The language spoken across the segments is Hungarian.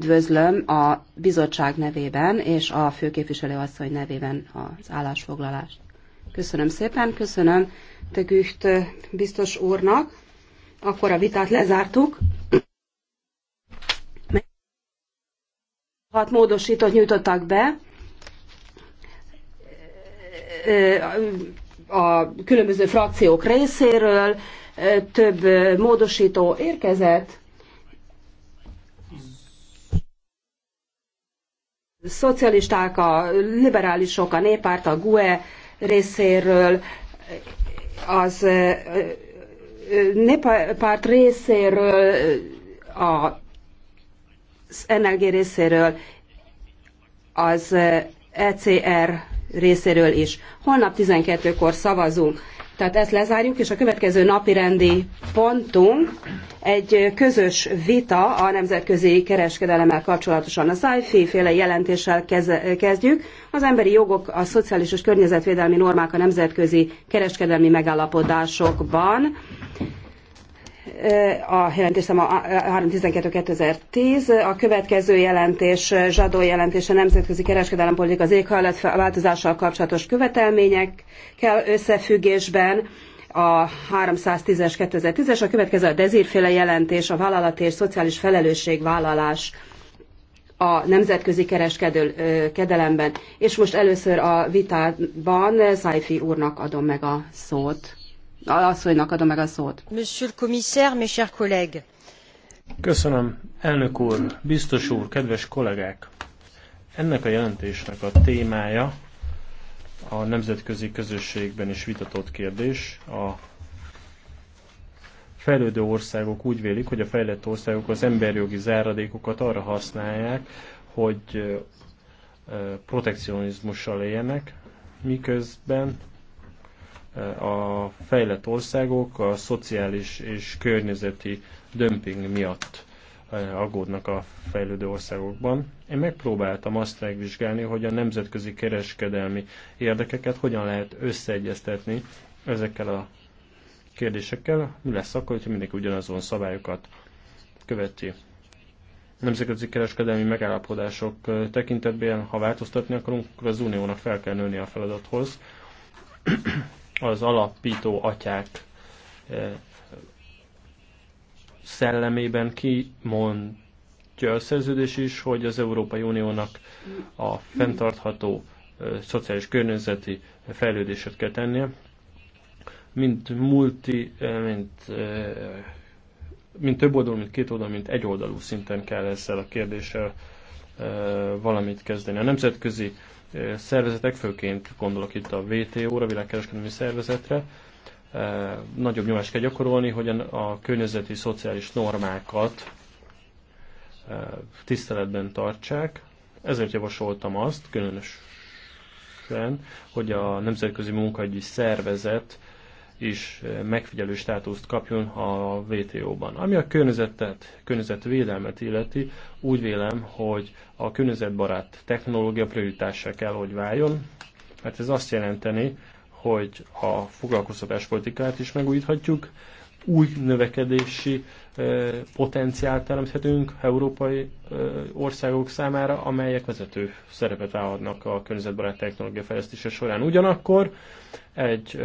Üdvözlöm a bizottság nevében és a asszony nevében az állásfoglalást. Köszönöm szépen, köszönöm Tegüht biztos úrnak. Akkor a vitát lezártuk. Hat módosítót nyújtottak be. A különböző frakciók részéről több módosító érkezett, szocialisták, a liberálisok, a néppárt, a GUE részéről, az néppárt részéről, a az NLG részéről, az ECR részéről is. Holnap 12-kor szavazunk. Tehát ezt lezárjuk, és a következő napi rendi pontunk egy közös vita a nemzetközi kereskedelemmel kapcsolatosan. A szájfi féle jelentéssel kezdjük. Az emberi jogok, a szociális és környezetvédelmi normák a nemzetközi kereskedelmi megállapodásokban a jelentés száma 312-2010, a következő jelentés, Zsadó jelentése nemzetközi kereskedelempolitika az éghajlat változással kapcsolatos követelményekkel összefüggésben, a 310-es 2010-es, a következő a dezírféle jelentés, a vállalati és szociális felelősségvállalás a nemzetközi kereskedelemben. És most először a vitában Szájfi úrnak adom meg a szót asszonynak adom meg a szót. Monsieur le commissaire, mes chers collègues. Köszönöm, elnök úr, biztos úr, kedves kollégák! Ennek a jelentésnek a témája a nemzetközi közösségben is vitatott kérdés. A fejlődő országok úgy vélik, hogy a fejlett országok az emberjogi záradékokat arra használják, hogy protekcionizmussal éljenek, miközben a fejlett országok a szociális és környezeti dömping miatt eh, aggódnak a fejlődő országokban. Én megpróbáltam azt megvizsgálni, hogy a nemzetközi kereskedelmi érdekeket hogyan lehet összeegyeztetni ezekkel a kérdésekkel. Mi lesz akkor, hogyha mindenki ugyanazon szabályokat követi? nemzetközi kereskedelmi megállapodások eh, tekintetben, ha változtatni akarunk, akkor az uniónak fel kell nőni a feladathoz az alapító atyák eh, szellemében kimondja a szerződés is, hogy az Európai Uniónak a fenntartható eh, szociális környezeti fejlődéset kell tennie, mint multi, mint, eh, mint több oldalú, mint két oldalú, mint egy oldalú szinten kell ezzel a kérdéssel valamit kezdeni. A nemzetközi szervezetek, főként gondolok itt a WTO-ra, világkereskedelmi szervezetre, e, nagyobb nyomást kell gyakorolni, hogy a környezeti szociális normákat e, tiszteletben tartsák. Ezért javasoltam azt, különösen, hogy a Nemzetközi Munkaügyi Szervezet is eh, megfigyelő státuszt kapjon a WTO-ban. Ami a környezetet, környezetvédelmet illeti, úgy vélem, hogy a környezetbarát technológia prioritássá kell, hogy váljon, mert hát ez azt jelenteni, hogy a foglalkoztatáspolitikát is megújíthatjuk, új növekedési potenciált teremthetünk európai országok számára, amelyek vezető szerepet vállalnak a környezetbarát technológia fejlesztése során. Ugyanakkor egy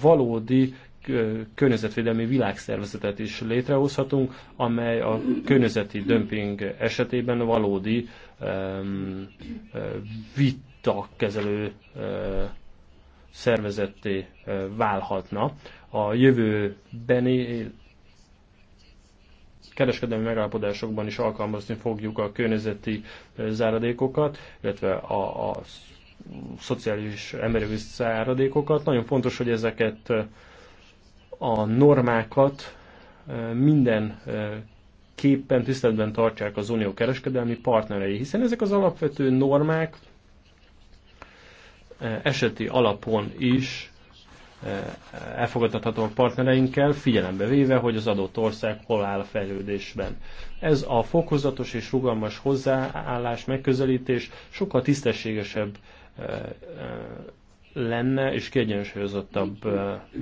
valódi környezetvédelmi világszervezetet is létrehozhatunk, amely a környezeti dömping esetében valódi vita kezelő szervezetté válhatna. A jövőbeni kereskedelmi megállapodásokban is alkalmazni fogjuk a környezeti záradékokat, illetve a, a szociális emberi záradékokat. Nagyon fontos, hogy ezeket a normákat minden képpen tiszteletben tartják az unió kereskedelmi partnerei, hiszen ezek az alapvető normák eseti alapon is elfogadható a partnereinkkel, figyelembe véve, hogy az adott ország hol áll a fejlődésben. Ez a fokozatos és rugalmas hozzáállás, megközelítés sokkal tisztességesebb lenne, és kiegyensúlyozottabb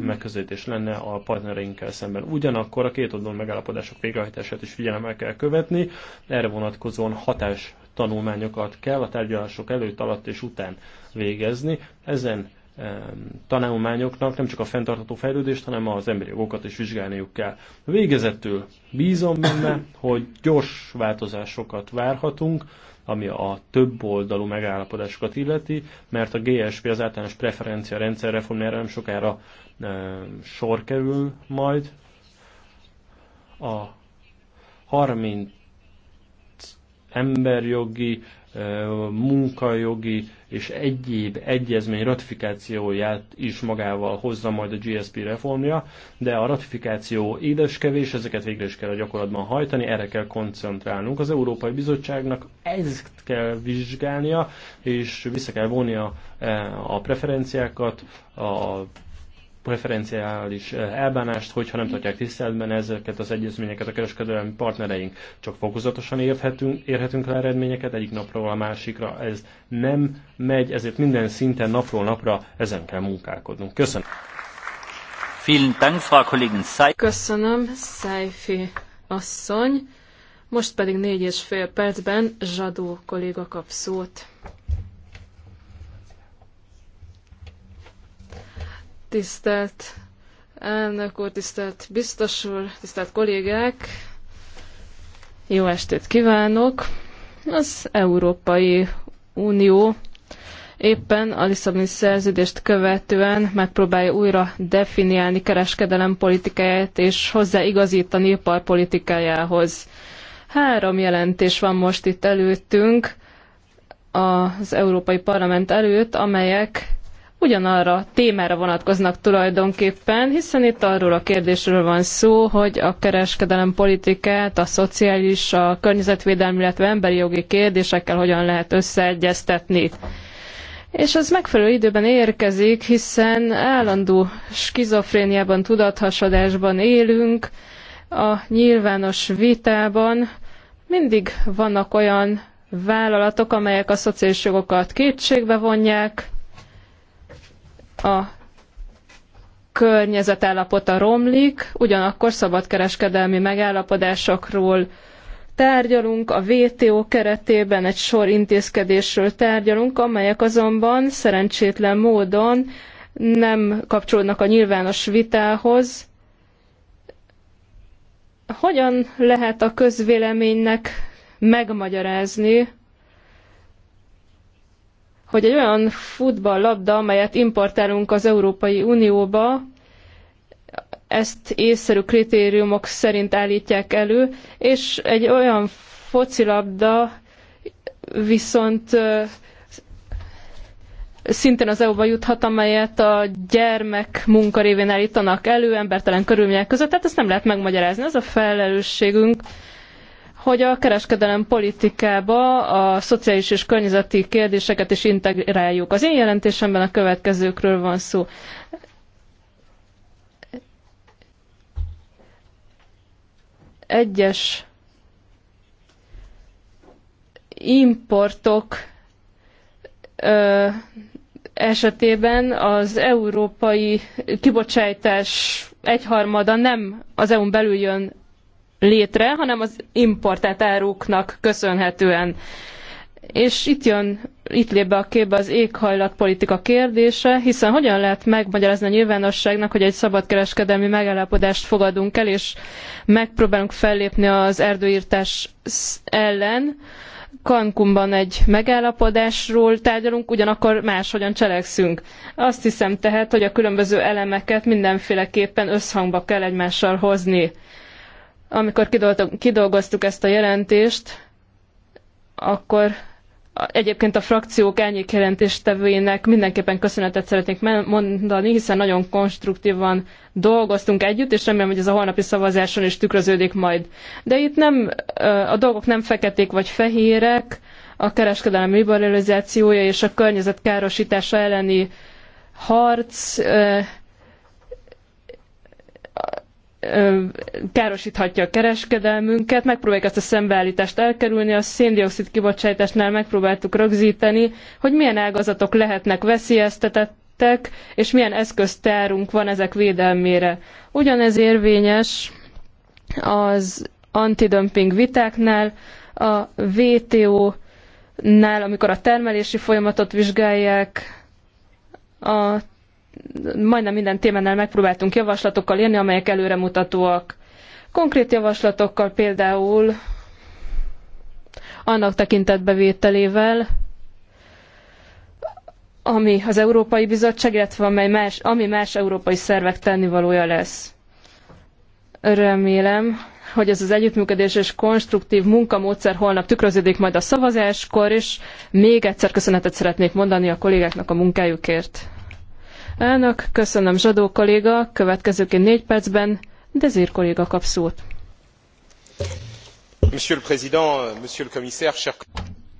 megközelítés lenne a partnereinkkel szemben. Ugyanakkor a két oldalon megállapodások végrehajtását is figyelemmel kell követni, erre vonatkozóan hatás tanulmányokat kell a tárgyalások előtt, alatt és után végezni. Ezen tanulmányoknak nem csak a fenntartató fejlődést, hanem az emberi jogokat is vizsgálniuk kell. Végezetül bízom benne, hogy gyors változásokat várhatunk, ami a több oldalú megállapodásokat illeti, mert a GSP az általános preferencia rendszer reformjára nem sokára e, sor kerül majd. A 30 emberjogi, munkajogi és egyéb egyezmény ratifikációját is magával hozza majd a GSP reformja, de a ratifikáció édeskevés, ezeket végre is kell a gyakorlatban hajtani, erre kell koncentrálnunk. Az Európai Bizottságnak ezt kell vizsgálnia, és vissza kell vonnia e, a preferenciákat, a preferenciális eh, elbánást, hogyha nem tartják tiszteletben ezeket az egyezményeket a kereskedelmi partnereink. Csak fokozatosan érhetünk, érhetünk el eredményeket egyik napról a másikra. Ez nem megy, ezért minden szinten napról napra ezen kell munkálkodnunk. Köszönöm. Köszönöm, Szájfi asszony. Most pedig négy és fél percben Zsadó kolléga kap szót. Tisztelt elnök úr, tisztelt biztos úr, tisztelt kollégák! Jó estét kívánok! Az Európai Unió éppen a Lisszaboni szerződést követően megpróbálja újra definiálni kereskedelem politikáját és hozzáigazítani iparpolitikájához. Három jelentés van most itt előttünk az Európai Parlament előtt, amelyek ugyanarra a témára vonatkoznak tulajdonképpen, hiszen itt arról a kérdésről van szó, hogy a kereskedelem politikát, a szociális, a környezetvédelmi, illetve emberi jogi kérdésekkel hogyan lehet összeegyeztetni. És ez megfelelő időben érkezik, hiszen állandó skizofréniában, tudathasadásban élünk, a nyilvános vitában mindig vannak olyan vállalatok, amelyek a szociális jogokat kétségbe vonják, a környezetállapota romlik, ugyanakkor szabadkereskedelmi megállapodásokról tárgyalunk, a WTO keretében egy sor intézkedésről tárgyalunk, amelyek azonban szerencsétlen módon nem kapcsolódnak a nyilvános vitához. Hogyan lehet a közvéleménynek megmagyarázni, hogy egy olyan futballlabda, amelyet importálunk az Európai Unióba, ezt észszerű kritériumok szerint állítják elő, és egy olyan focilabda viszont szintén az EU-ba juthat, amelyet a gyermek munka révén állítanak elő, embertelen körülmények között, tehát ezt nem lehet megmagyarázni. Ez a felelősségünk, hogy a kereskedelem politikába a szociális és környezeti kérdéseket is integráljuk. Az én jelentésemben a következőkről van szó. Egyes importok ö, esetében az európai kibocsátás egyharmada nem az EU-n belül jön létre, hanem az importált áruknak köszönhetően. És itt jön, itt lép be a képbe az éghajlatpolitika kérdése, hiszen hogyan lehet megmagyarázni a nyilvánosságnak, hogy egy szabadkereskedelmi megállapodást fogadunk el, és megpróbálunk fellépni az erdőírtás ellen, Cancunban egy megállapodásról tárgyalunk, ugyanakkor máshogyan cselekszünk. Azt hiszem tehát, hogy a különböző elemeket mindenféleképpen összhangba kell egymással hozni. Amikor kidolgoztuk ezt a jelentést, akkor egyébként a frakciók elnyék jelentéstevőinek mindenképpen köszönetet szeretnék mondani, hiszen nagyon konstruktívan dolgoztunk együtt, és remélem, hogy ez a holnapi szavazáson is tükröződik majd. De itt nem, a dolgok nem feketék vagy fehérek, a kereskedelem liberalizációja és a környezet elleni harc károsíthatja a kereskedelmünket, megpróbáljuk ezt a szembeállítást elkerülni, a széndiokszid kibocsátásnál megpróbáltuk rögzíteni, hogy milyen ágazatok lehetnek veszélyeztetettek, és milyen eszköztárunk van ezek védelmére. Ugyanez érvényes az antidömping vitáknál, a WTO-nál, amikor a termelési folyamatot vizsgálják, a majdnem minden témánál megpróbáltunk javaslatokkal jönni, amelyek előremutatóak. Konkrét javaslatokkal például annak tekintetbevételével, ami az Európai Bizottság, illetve amely más, ami más európai szervek tennivalója lesz. Remélem, hogy ez az együttműködés és konstruktív munkamódszer holnap tükröződik majd a szavazáskor, és még egyszer köszönetet szeretnék mondani a kollégáknak a munkájukért. Elnök, köszönöm Zsadó kolléga, következőként négy percben Dezir kolléga kap szót. Monsieur le Président, Monsieur le Commissaire, chers...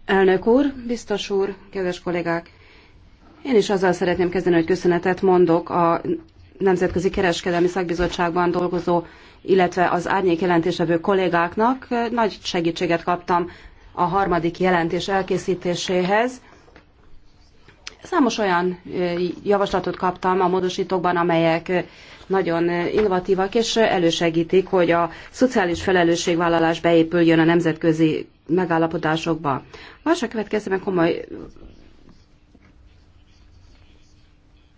Elnök úr, biztos úr, kedves kollégák! Én is azzal szeretném kezdeni, hogy köszönetet mondok a Nemzetközi Kereskedelmi Szakbizottságban dolgozó, illetve az árnyék jelentésevő kollégáknak. Nagy segítséget kaptam a harmadik jelentés elkészítéséhez. Számos olyan javaslatot kaptam a módosítókban, amelyek nagyon innovatívak, és elősegítik, hogy a szociális felelősségvállalás beépüljön a nemzetközi megállapodásokba. Másra következőben komoly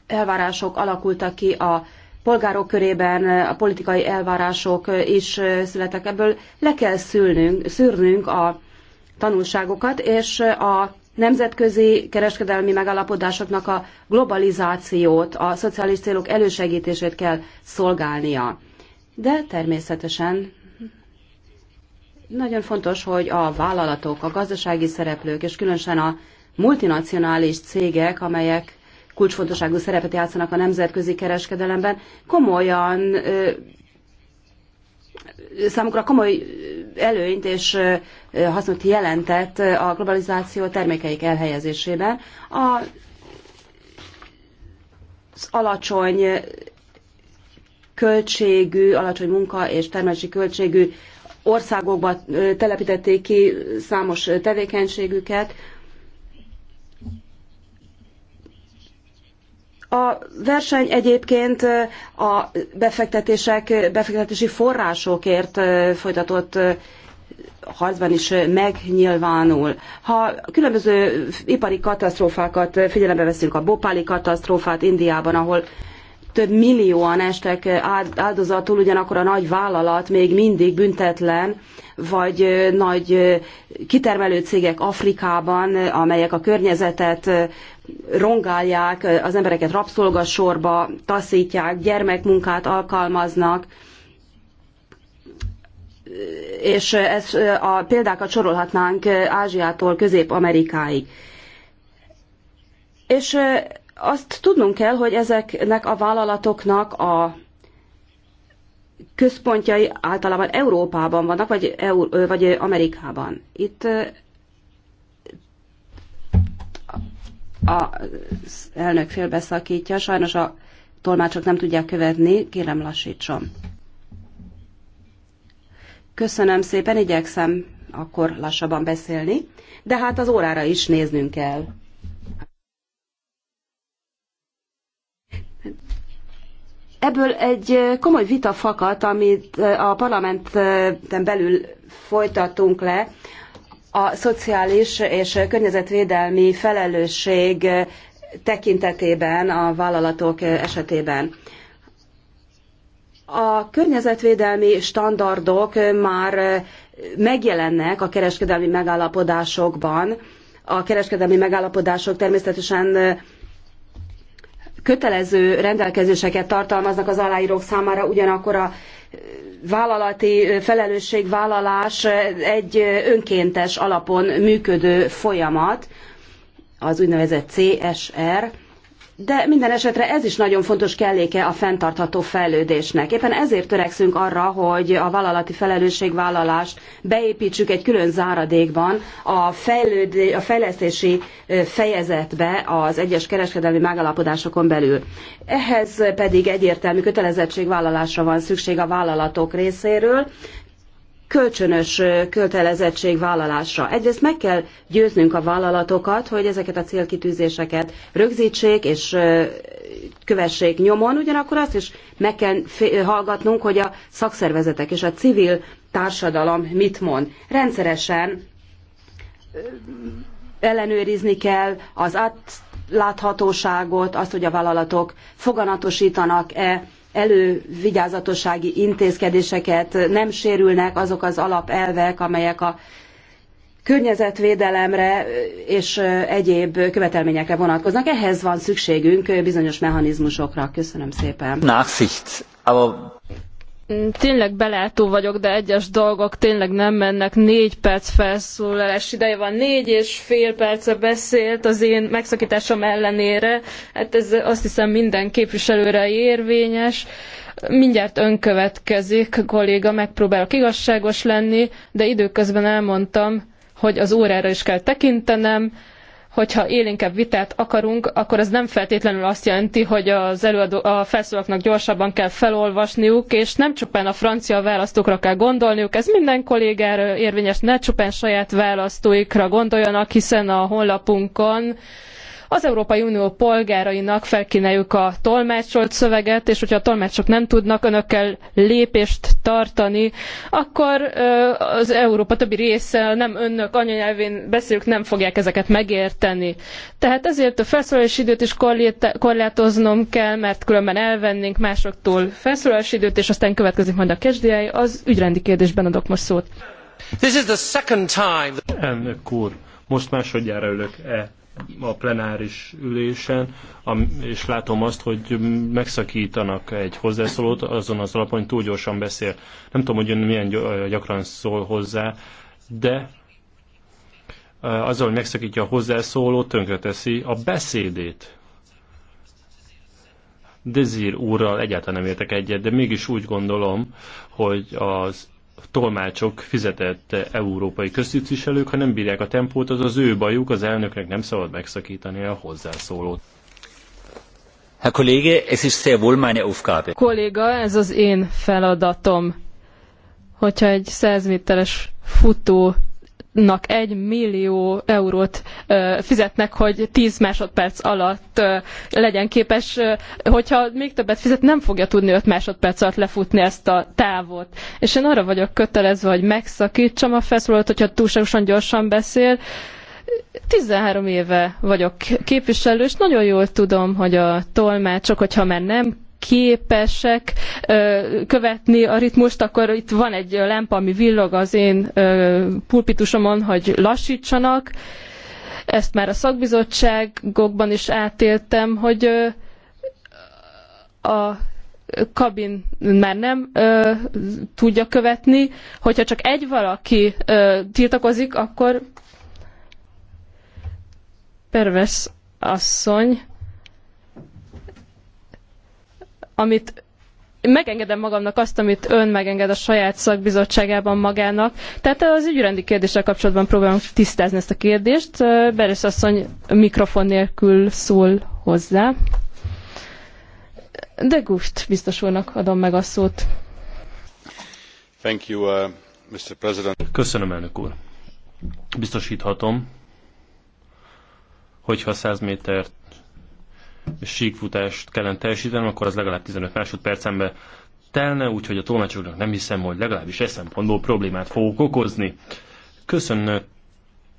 elvárások alakultak ki a polgárok körében, a politikai elvárások is születtek ebből. Le kell szülnünk, szűrnünk a tanulságokat, és a nemzetközi kereskedelmi megállapodásoknak a globalizációt, a szociális célok elősegítését kell szolgálnia. De természetesen nagyon fontos, hogy a vállalatok, a gazdasági szereplők, és különösen a multinacionális cégek, amelyek kulcsfontosságú szerepet játszanak a nemzetközi kereskedelemben, komolyan számukra komoly előnyt és hasznot jelentett a globalizáció termékeik elhelyezésében. A, az alacsony költségű, alacsony munka és termelési költségű országokba telepítették ki számos tevékenységüket, A verseny egyébként a befektetések, befektetési forrásokért folytatott harcban is megnyilvánul. Ha különböző ipari katasztrófákat figyelembe veszünk, a bopáli katasztrófát Indiában, ahol több millióan estek áldozatul, ugyanakkor a nagy vállalat még mindig büntetlen, vagy nagy kitermelő cégek Afrikában, amelyek a környezetet rongálják, az embereket rabszolgasorba taszítják, gyermekmunkát alkalmaznak, és ez, a példákat sorolhatnánk Ázsiától Közép-Amerikáig. És azt tudnunk kell, hogy ezeknek a vállalatoknak a központjai általában Európában vannak, vagy, Euró- vagy Amerikában. Itt az elnök félbeszakítja, sajnos a tolmácsok nem tudják követni, kérem lassítson. Köszönöm szépen, igyekszem akkor lassabban beszélni, de hát az órára is néznünk kell. Ebből egy komoly vita fakadt, amit a parlamenten belül folytattunk le, a szociális és környezetvédelmi felelősség tekintetében a vállalatok esetében. A környezetvédelmi standardok már megjelennek a kereskedelmi megállapodásokban. A kereskedelmi megállapodások természetesen kötelező rendelkezéseket tartalmaznak az aláírók számára, ugyanakkor a vállalati felelősségvállalás egy önkéntes alapon működő folyamat, az úgynevezett CSR, de minden esetre ez is nagyon fontos kelléke a fenntartható fejlődésnek. Éppen ezért törekszünk arra, hogy a vállalati felelősségvállalást beépítsük egy külön záradékban a, fejlődé, a fejlesztési fejezetbe az egyes kereskedelmi megállapodásokon belül. Ehhez pedig egyértelmű kötelezettségvállalásra van szükség a vállalatok részéről, kölcsönös kötelezettségvállalásra. Egyrészt meg kell győznünk a vállalatokat, hogy ezeket a célkitűzéseket rögzítsék és kövessék nyomon, ugyanakkor azt is meg kell hallgatnunk, hogy a szakszervezetek és a civil társadalom mit mond. Rendszeresen ellenőrizni kell az átláthatóságot, azt, hogy a vállalatok foganatosítanak-e elővigyázatossági intézkedéseket, nem sérülnek azok az alapelvek, amelyek a környezetvédelemre és egyéb követelményekre vonatkoznak. Ehhez van szükségünk bizonyos mechanizmusokra. Köszönöm szépen. Nachsicht, aber tényleg belátó vagyok, de egyes dolgok tényleg nem mennek. Négy perc felszólalás ideje van, négy és fél perce beszélt az én megszakításom ellenére. Hát ez azt hiszem minden képviselőre érvényes. Mindjárt önkövetkezik, kolléga, megpróbálok igazságos lenni, de időközben elmondtam, hogy az órára is kell tekintenem, hogyha élénkebb vitát akarunk, akkor ez nem feltétlenül azt jelenti, hogy az előadó, a felszólalóknak gyorsabban kell felolvasniuk, és nem csupán a francia választókra kell gondolniuk, ez minden kollégára érvényes, ne csupán saját választóikra gondoljanak, hiszen a honlapunkon az Európai Unió polgárainak felkínáljuk a tolmácsolt szöveget, és hogyha a tolmácsok nem tudnak önökkel lépést tartani, akkor az Európa többi része nem önök anyanyelvén beszélünk nem fogják ezeket megérteni. Tehát ezért a felszólalási időt is korlátoznom kell, mert különben elvennénk másoktól felszólalási időt, és aztán következik majd a kezdély. Az ügyrendi kérdésben adok most szót. This is the second time. Elnök úr, most másodjára ülök e a plenáris ülésen, és látom azt, hogy megszakítanak egy hozzászólót azon az alapon, hogy túl gyorsan beszél. Nem tudom, hogy ön milyen gyakran szól hozzá, de azzal, hogy megszakítja a hozzászólót, tönkreteszi a beszédét. Dezir úrral egyáltalán nem értek egyet, de mégis úgy gondolom, hogy az tolmácsok fizetett európai köztisztviselők, ha nem bírják a tempót, az az ő bajuk, az elnöknek nem szabad megszakítani a hozzászólót. Herr Kollege, es ist sehr wohl meine Aufgabe. Kolléga, ez az én feladatom. Hogyha egy 100 méteres futó nak egy millió eurót fizetnek, hogy 10 másodperc alatt legyen képes. Hogyha még többet fizet, nem fogja tudni 5 másodperc alatt lefutni ezt a távot. És én arra vagyok kötelezve, hogy megszakítsam a felszólalót, hogyha túlságosan gyorsan beszél. 13 éve vagyok képviselő, és nagyon jól tudom, hogy a tolmácsok, hogyha már nem képesek követni a ritmust, akkor itt van egy lámpa, ami villog az én pulpitusomon, hogy lassítsanak. Ezt már a szakbizottságokban is átéltem, hogy a kabin már nem ö, tudja követni, hogyha csak egy valaki ö, tiltakozik, akkor pervers asszony amit megengedem magamnak azt, amit ön megenged a saját szakbizottságában magának. Tehát az ügyrendi kérdéssel kapcsolatban próbálom tisztázni ezt a kérdést. Beres asszony mikrofon nélkül szól hozzá. De Gust biztos úrnak adom meg a szót. Thank you, uh, Mr. President. Köszönöm, elnök úr. Biztosíthatom, hogyha 100 métert síkfutást kellene teljesítenem, akkor az legalább 15 másodpercembe telne, úgyhogy a tolmácsoknak nem hiszem, hogy legalábbis e szempontból problémát fogok okozni.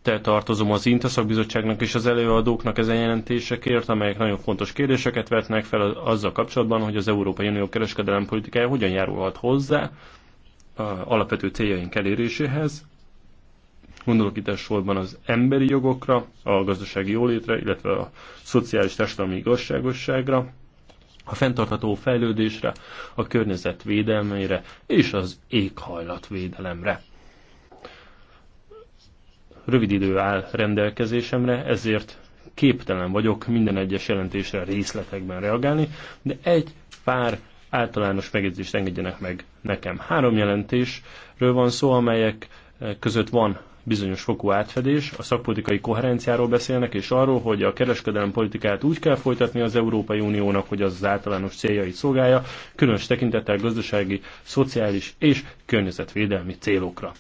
te tartozom az INTA bizottságnak és az előadóknak ezen jelentésekért, amelyek nagyon fontos kérdéseket vetnek fel azzal kapcsolatban, hogy az Európai Unió kereskedelem politikája hogyan járulhat hozzá alapvető céljaink eléréséhez, Gondolok itt elsősorban az emberi jogokra, a gazdasági jólétre, illetve a szociális társadalmi igazságosságra, a fenntartható fejlődésre, a környezet védelmére és az éghajlatvédelemre. Rövid idő áll rendelkezésemre, ezért képtelen vagyok minden egyes jelentésre részletekben reagálni, de egy pár általános megjegyzést engedjenek meg nekem. Három jelentésről van szó, amelyek között van bizonyos fokú átfedés, a szakpolitikai koherenciáról beszélnek, és arról, hogy a kereskedelem politikát úgy kell folytatni az Európai Uniónak, hogy az, az általános céljait szolgálja, különös tekintettel gazdasági, szociális és környezetvédelmi célokra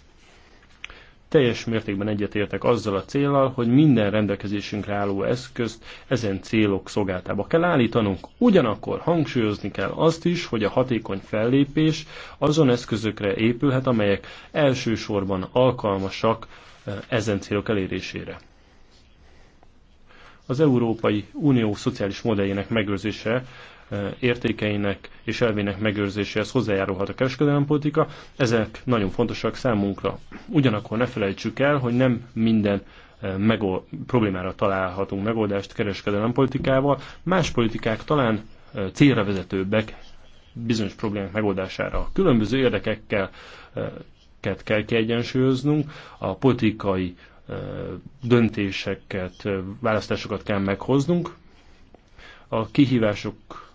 teljes mértékben egyetértek azzal a célral, hogy minden rendelkezésünkre álló eszközt ezen célok szolgáltába kell állítanunk. Ugyanakkor hangsúlyozni kell azt is, hogy a hatékony fellépés azon eszközökre épülhet, amelyek elsősorban alkalmasak e, ezen célok elérésére. Az Európai Unió szociális modelljének megőrzése értékeinek és elvének megőrzéséhez hozzájárulhat a kereskedelempolitika. Ezek nagyon fontosak számunkra. Ugyanakkor ne felejtsük el, hogy nem minden problémára találhatunk megoldást kereskedelempolitikával. Más politikák talán célra vezetőbbek bizonyos problémák megoldására. Különböző érdekekkel kell kiegyensúlyoznunk, a politikai döntéseket, választásokat kell meghoznunk. A kihívások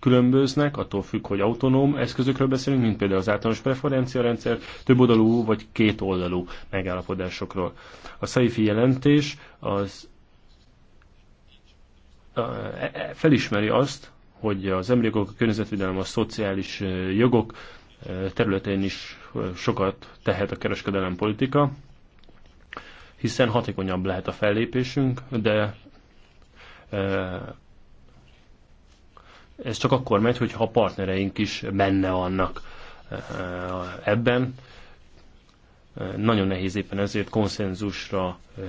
különböznek, attól függ, hogy autonóm eszközökről beszélünk, mint például az általános preferenciarendszer, többoldalú vagy kétoldalú megállapodásokról. A SAIFI jelentés az e, e, felismeri azt, hogy az emberi jogok, a környezetvédelem, a szociális jogok területén is sokat tehet a kereskedelem politika, hiszen hatékonyabb lehet a fellépésünk, de ez csak akkor megy, hogyha a partnereink is benne vannak eh, ebben. Eh, nagyon nehéz éppen ezért konszenzusra eh,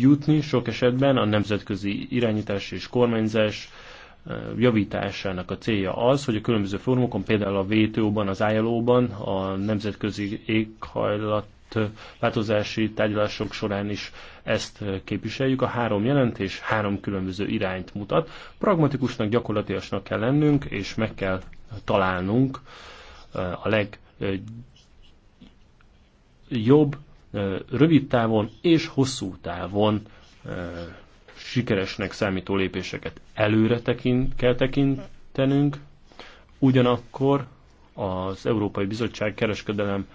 jutni sok esetben. A nemzetközi irányítás és kormányzás javításának a célja az, hogy a különböző fórumokon, például a WTO-ban, az ILO-ban, a nemzetközi éghajlat változási tárgyalások során is ezt képviseljük. A három jelentés három különböző irányt mutat. Pragmatikusnak, gyakorlatilasnak kell lennünk, és meg kell találnunk a legjobb, rövid távon és hosszú távon sikeresnek számító lépéseket előre tekint, kell tekintenünk, ugyanakkor az Európai Bizottság kereskedelem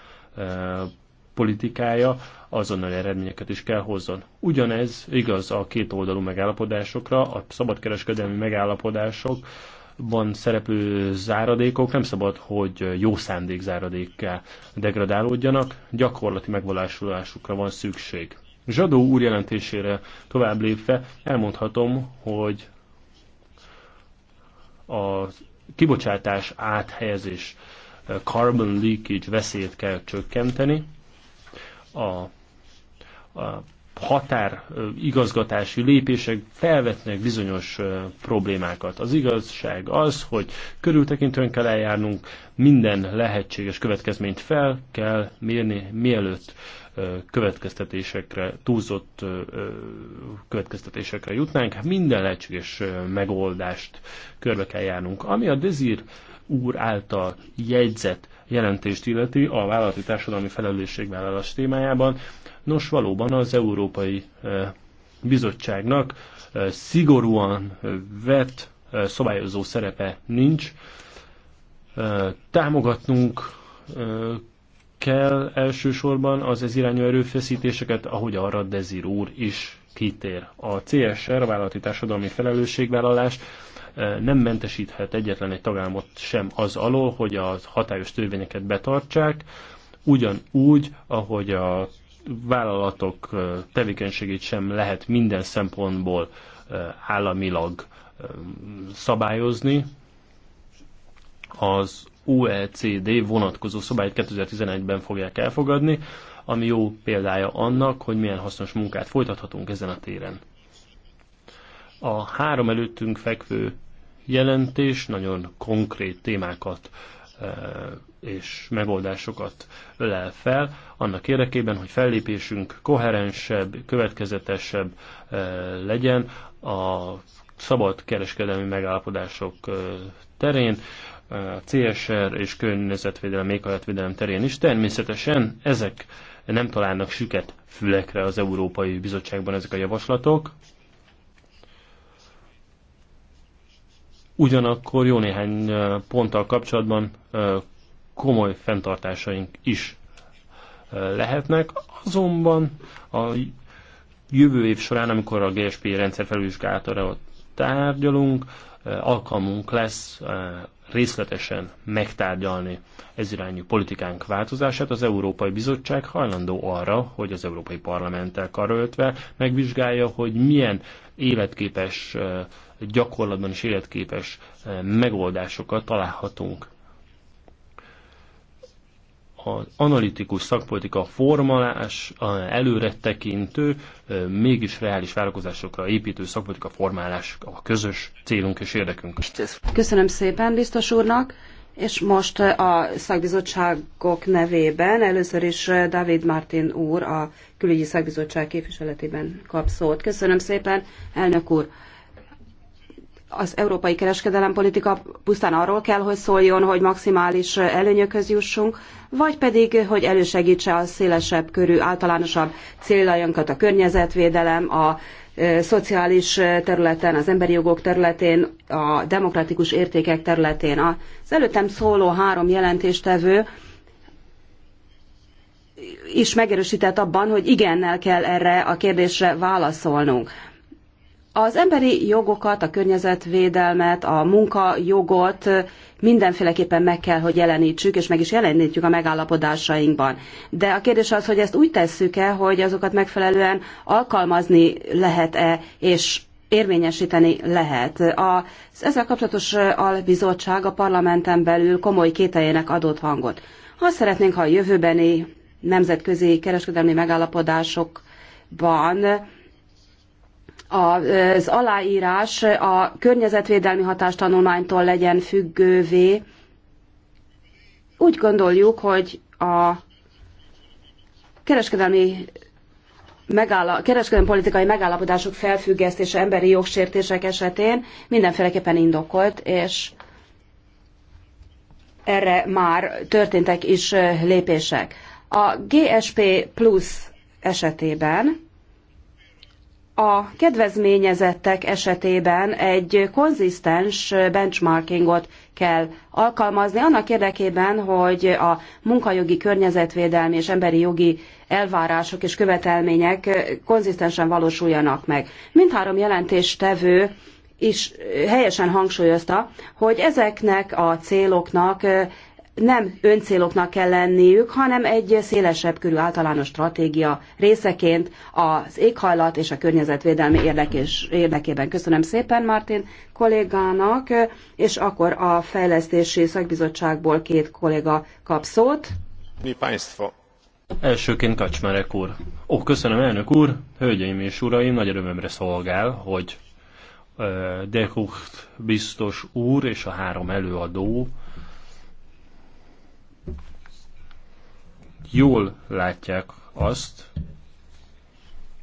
politikája azonnal eredményeket is kell hozzon. Ugyanez igaz a kétoldalú megállapodásokra, a szabadkereskedelmi megállapodások, van szereplő záradékok nem szabad, hogy jó szándék záradékká degradálódjanak, gyakorlati megvalósulásukra van szükség. Zsadó úr jelentésére tovább lépve elmondhatom, hogy a kibocsátás áthelyezés carbon leakage veszélyt kell csökkenteni, a, a határ igazgatási lépések felvetnek bizonyos problémákat. Az igazság az, hogy körültekintően kell eljárnunk, minden lehetséges következményt fel kell mérni, mielőtt következtetésekre, túlzott következtetésekre jutnánk. Minden lehetséges megoldást körbe kell járnunk. Ami a Dezir úr által jegyzett jelentést illeti a vállalati társadalmi felelősségvállalás témájában. Nos, valóban az Európai eh, Bizottságnak eh, szigorúan eh, vett szabályozó szerepe nincs. Támogatnunk kell elsősorban az ez irányú erőfeszítéseket, ahogy arra Dezir úr is kitér. A CSR, a vállalati társadalmi felelősségvállalás eh, nem mentesíthet egyetlen egy tagállamot sem az alól, hogy a hatályos törvényeket betartsák, ugyanúgy, ahogy a vállalatok eh, tevékenységét sem lehet minden szempontból eh, államilag szabályozni. Az OECD vonatkozó szabályt 2011-ben fogják elfogadni, ami jó példája annak, hogy milyen hasznos munkát folytathatunk ezen a téren. A három előttünk fekvő jelentés nagyon konkrét témákat e, és megoldásokat ölel fel, annak érdekében, hogy fellépésünk koherensebb, következetesebb e, legyen a szabad kereskedelmi megállapodások e, terén, a CSR és környezetvédelem, éghajlatvédelem terén is. Természetesen ezek nem találnak süket fülekre az Európai Bizottságban ezek a javaslatok. Ugyanakkor jó néhány ponttal kapcsolatban komoly fenntartásaink is lehetnek, azonban a jövő év során, amikor a GSP rendszer felvizsgálatára tárgyalunk, alkalmunk lesz részletesen megtárgyalni ez irányú politikánk változását, az Európai Bizottság hajlandó arra, hogy az Európai Parlamenttel karöltve megvizsgálja, hogy milyen életképes, eh, gyakorlatban is életképes eh, megoldásokat találhatunk az analitikus szakpolitika formálás, előre tekintő, mégis reális várakozásokra építő szakpolitika formálás a közös célunk és érdekünk. Köszönöm szépen biztos úrnak, és most a szakbizottságok nevében először is David Martin úr a külügyi szakbizottság képviseletében kap szót. Köszönöm szépen, elnök úr! az európai kereskedelempolitika pusztán arról kell, hogy szóljon, hogy maximális előnyökhöz jussunk, vagy pedig, hogy elősegítse a szélesebb körű, általánosabb céljainkat a környezetvédelem, a szociális területen, az emberi jogok területén, a demokratikus értékek területén. Az előttem szóló három jelentéstevő is megerősített abban, hogy igennel kell erre a kérdésre válaszolnunk. Az emberi jogokat, a környezetvédelmet, a munkajogot mindenféleképpen meg kell, hogy jelenítsük, és meg is jelenítjük a megállapodásainkban. De a kérdés az, hogy ezt úgy tesszük-e, hogy azokat megfelelően alkalmazni lehet-e, és érvényesíteni lehet. Az ezzel kapcsolatos eh, albizottság a parlamenten belül komoly kételjének adott hangot. Ha szeretnénk, ha a jövőbeni nemzetközi kereskedelmi megállapodásokban az aláírás a környezetvédelmi hatástanulmánytól legyen függővé. Úgy gondoljuk, hogy a kereskedelmi megállap, kereskedelmi politikai megállapodások felfüggesztése emberi jogsértések esetén mindenféleképpen indokolt, és erre már történtek is lépések. A GSP Plus esetében a kedvezményezettek esetében egy konzisztens benchmarkingot kell alkalmazni annak érdekében, hogy a munkajogi, környezetvédelmi és emberi jogi elvárások és követelmények konzisztensen valósuljanak meg. Mindhárom jelentéstevő is helyesen hangsúlyozta, hogy ezeknek a céloknak nem öncéloknak kell lenniük, hanem egy szélesebb körű általános stratégia részeként az éghajlat és a környezetvédelmi érdekés, érdekében. Köszönöm szépen Martin kollégának, és akkor a fejlesztési szakbizottságból két kolléga kap szót. Mi pánztva. Elsőként Kacsmerek úr. Ó, köszönöm elnök úr, hölgyeim és uraim, nagy örömömre szolgál, hogy Dekucht biztos úr és a három előadó jól látják azt,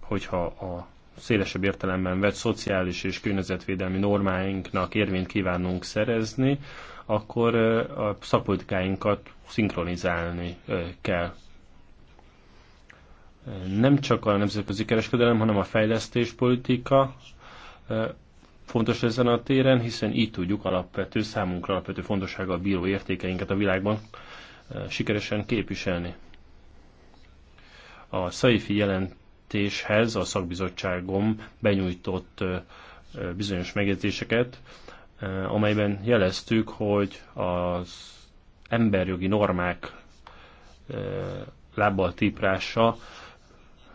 hogyha a szélesebb értelemben vett szociális és környezetvédelmi normáinknak érvényt kívánunk szerezni, akkor a szakpolitikáinkat szinkronizálni kell. Nem csak a nemzetközi kereskedelem, hanem a fejlesztéspolitika fontos ezen a téren, hiszen így tudjuk alapvető, számunkra alapvető a bíró értékeinket a világban sikeresen képviselni a SZAIFI jelentéshez a szakbizottságom benyújtott bizonyos megjegyzéseket, amelyben jeleztük, hogy az emberjogi normák lábbal típrása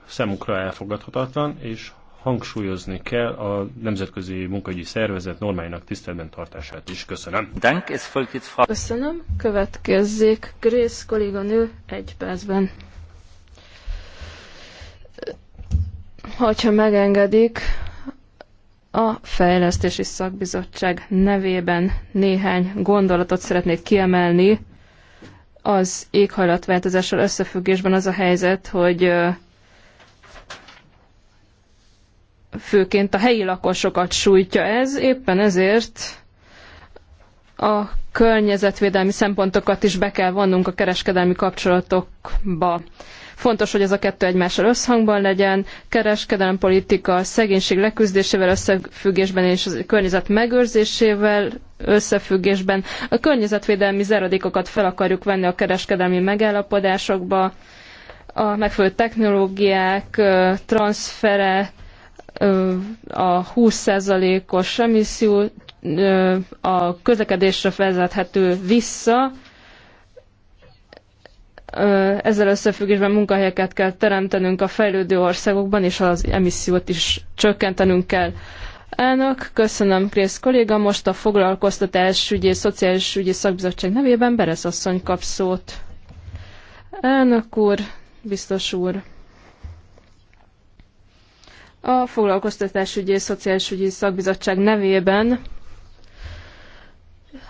szemukra elfogadhatatlan, és hangsúlyozni kell a Nemzetközi Munkahogyi Szervezet normáinak tiszteletben tartását is. Köszönöm. Köszönöm. Következzék Grész kolléganő egy percben. Hogyha megengedik, a Fejlesztési Szakbizottság nevében néhány gondolatot szeretnék kiemelni. Az éghajlatváltozással összefüggésben az a helyzet, hogy főként a helyi lakosokat sújtja ez, éppen ezért a környezetvédelmi szempontokat is be kell vonnunk a kereskedelmi kapcsolatokba. Fontos, hogy ez a kettő egymással összhangban legyen, kereskedelempolitika szegénység leküzdésével összefüggésben és a környezet megőrzésével összefüggésben. A környezetvédelmi záradékokat fel akarjuk venni a kereskedelmi megállapodásokba, a megfelelő technológiák transfere, a 20%-os emisszió a közlekedésre vezethető vissza, ezzel összefüggésben munkahelyeket kell teremtenünk a fejlődő országokban, és az emissziót is csökkentenünk kell. Elnök, köszönöm Krész kolléga, most a foglalkoztatás ügyi, szociális ügyi szakbizottság nevében Beresz asszony kap szót. Elnök úr, biztos úr. A foglalkoztatásügyi és ügyi szakbizottság nevében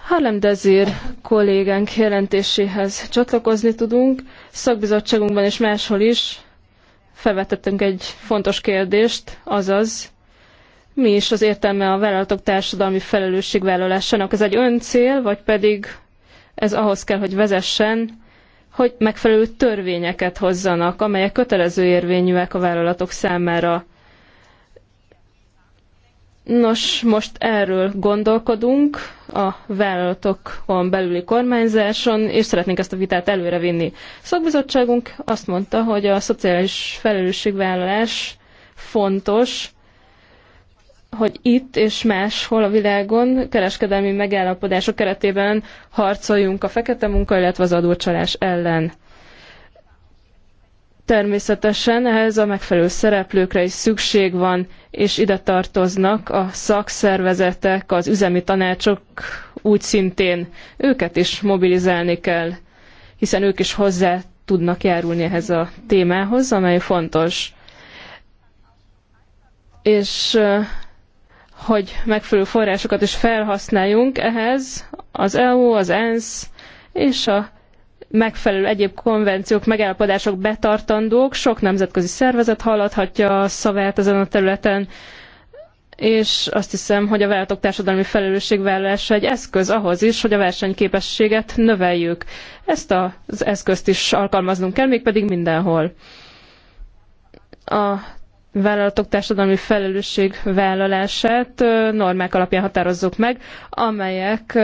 Harlem Dezir kollégánk jelentéséhez csatlakozni tudunk. Szakbizottságunkban és máshol is felvetettünk egy fontos kérdést, azaz mi is az értelme a vállalatok társadalmi felelősségvállalásának. Ez egy öncél, vagy pedig ez ahhoz kell, hogy vezessen, hogy megfelelő törvényeket hozzanak, amelyek kötelező érvényűek a vállalatok számára. Nos, most erről gondolkodunk a vállalatokon belüli kormányzáson, és szeretnénk ezt a vitát előrevinni. Szakbizottságunk azt mondta, hogy a szociális felelősségvállalás fontos, hogy itt és máshol a világon kereskedelmi megállapodások keretében harcoljunk a fekete munka, illetve az adócsalás ellen. Természetesen ehhez a megfelelő szereplőkre is szükség van, és ide tartoznak a szakszervezetek, az üzemi tanácsok úgy szintén. Őket is mobilizálni kell, hiszen ők is hozzá tudnak járulni ehhez a témához, amely fontos. És hogy megfelelő forrásokat is felhasználjunk ehhez, az EU, az ENSZ és a megfelelő egyéb konvenciók, megállapodások betartandók, sok nemzetközi szervezet hallathatja a szavát ezen a területen, és azt hiszem, hogy a vállalatok társadalmi felelősségvállalása egy eszköz ahhoz is, hogy a versenyképességet növeljük. Ezt az eszközt is alkalmaznunk kell, mégpedig mindenhol. A vállalatok társadalmi felelősség vállalását normák alapján határozzuk meg, amelyek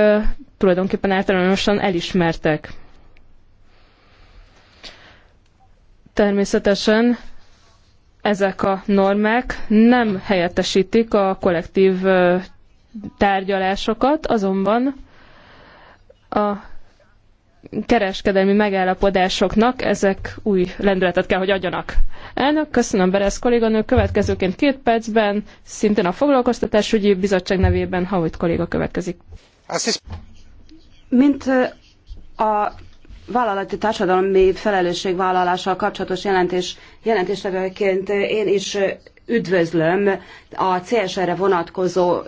tulajdonképpen általánosan elismertek. Természetesen ezek a normák nem helyettesítik a kollektív tárgyalásokat, azonban a kereskedelmi megállapodásoknak ezek új lendületet kell, hogy adjanak. Elnök, köszönöm Berez kolléganő, következőként két percben, szintén a foglalkoztatásügyi bizottság nevében Havit kolléga következik. Mint a vállalati társadalmi felelősségvállalással kapcsolatos jelentés, jelentéstevőként én is üdvözlöm a CSR-re vonatkozó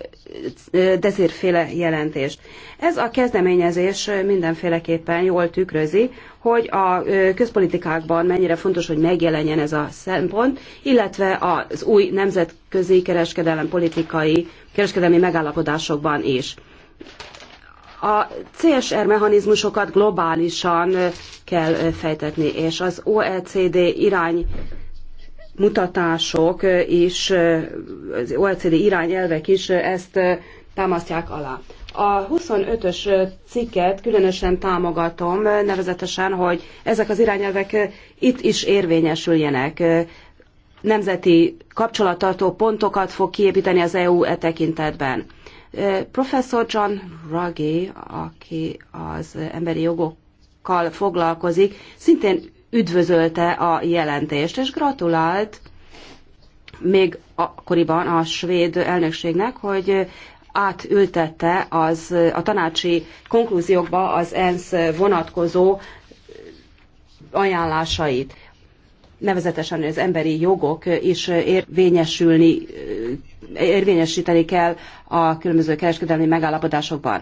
dezérféle jelentést. Ez a kezdeményezés mindenféleképpen jól tükrözi, hogy a közpolitikákban mennyire fontos, hogy megjelenjen ez a szempont, illetve az új nemzetközi kereskedelem politikai, kereskedelmi megállapodásokban is. A CSR mechanizmusokat globálisan kell fejtetni, és az OECD irány mutatások is, az OECD irányelvek is ezt támasztják alá. A 25-ös cikket különösen támogatom, nevezetesen, hogy ezek az irányelvek itt is érvényesüljenek. Nemzeti kapcsolattartó pontokat fog kiépíteni az EU e tekintetben. Professzor John Ruggie, aki az emberi jogokkal foglalkozik, szintén üdvözölte a jelentést, és gratulált még akkoriban a svéd elnökségnek, hogy átültette az, a tanácsi konklúziókba az ENSZ vonatkozó ajánlásait. Nevezetesen az emberi jogok is érvényesülni érvényesíteni kell a különböző kereskedelmi megállapodásokban.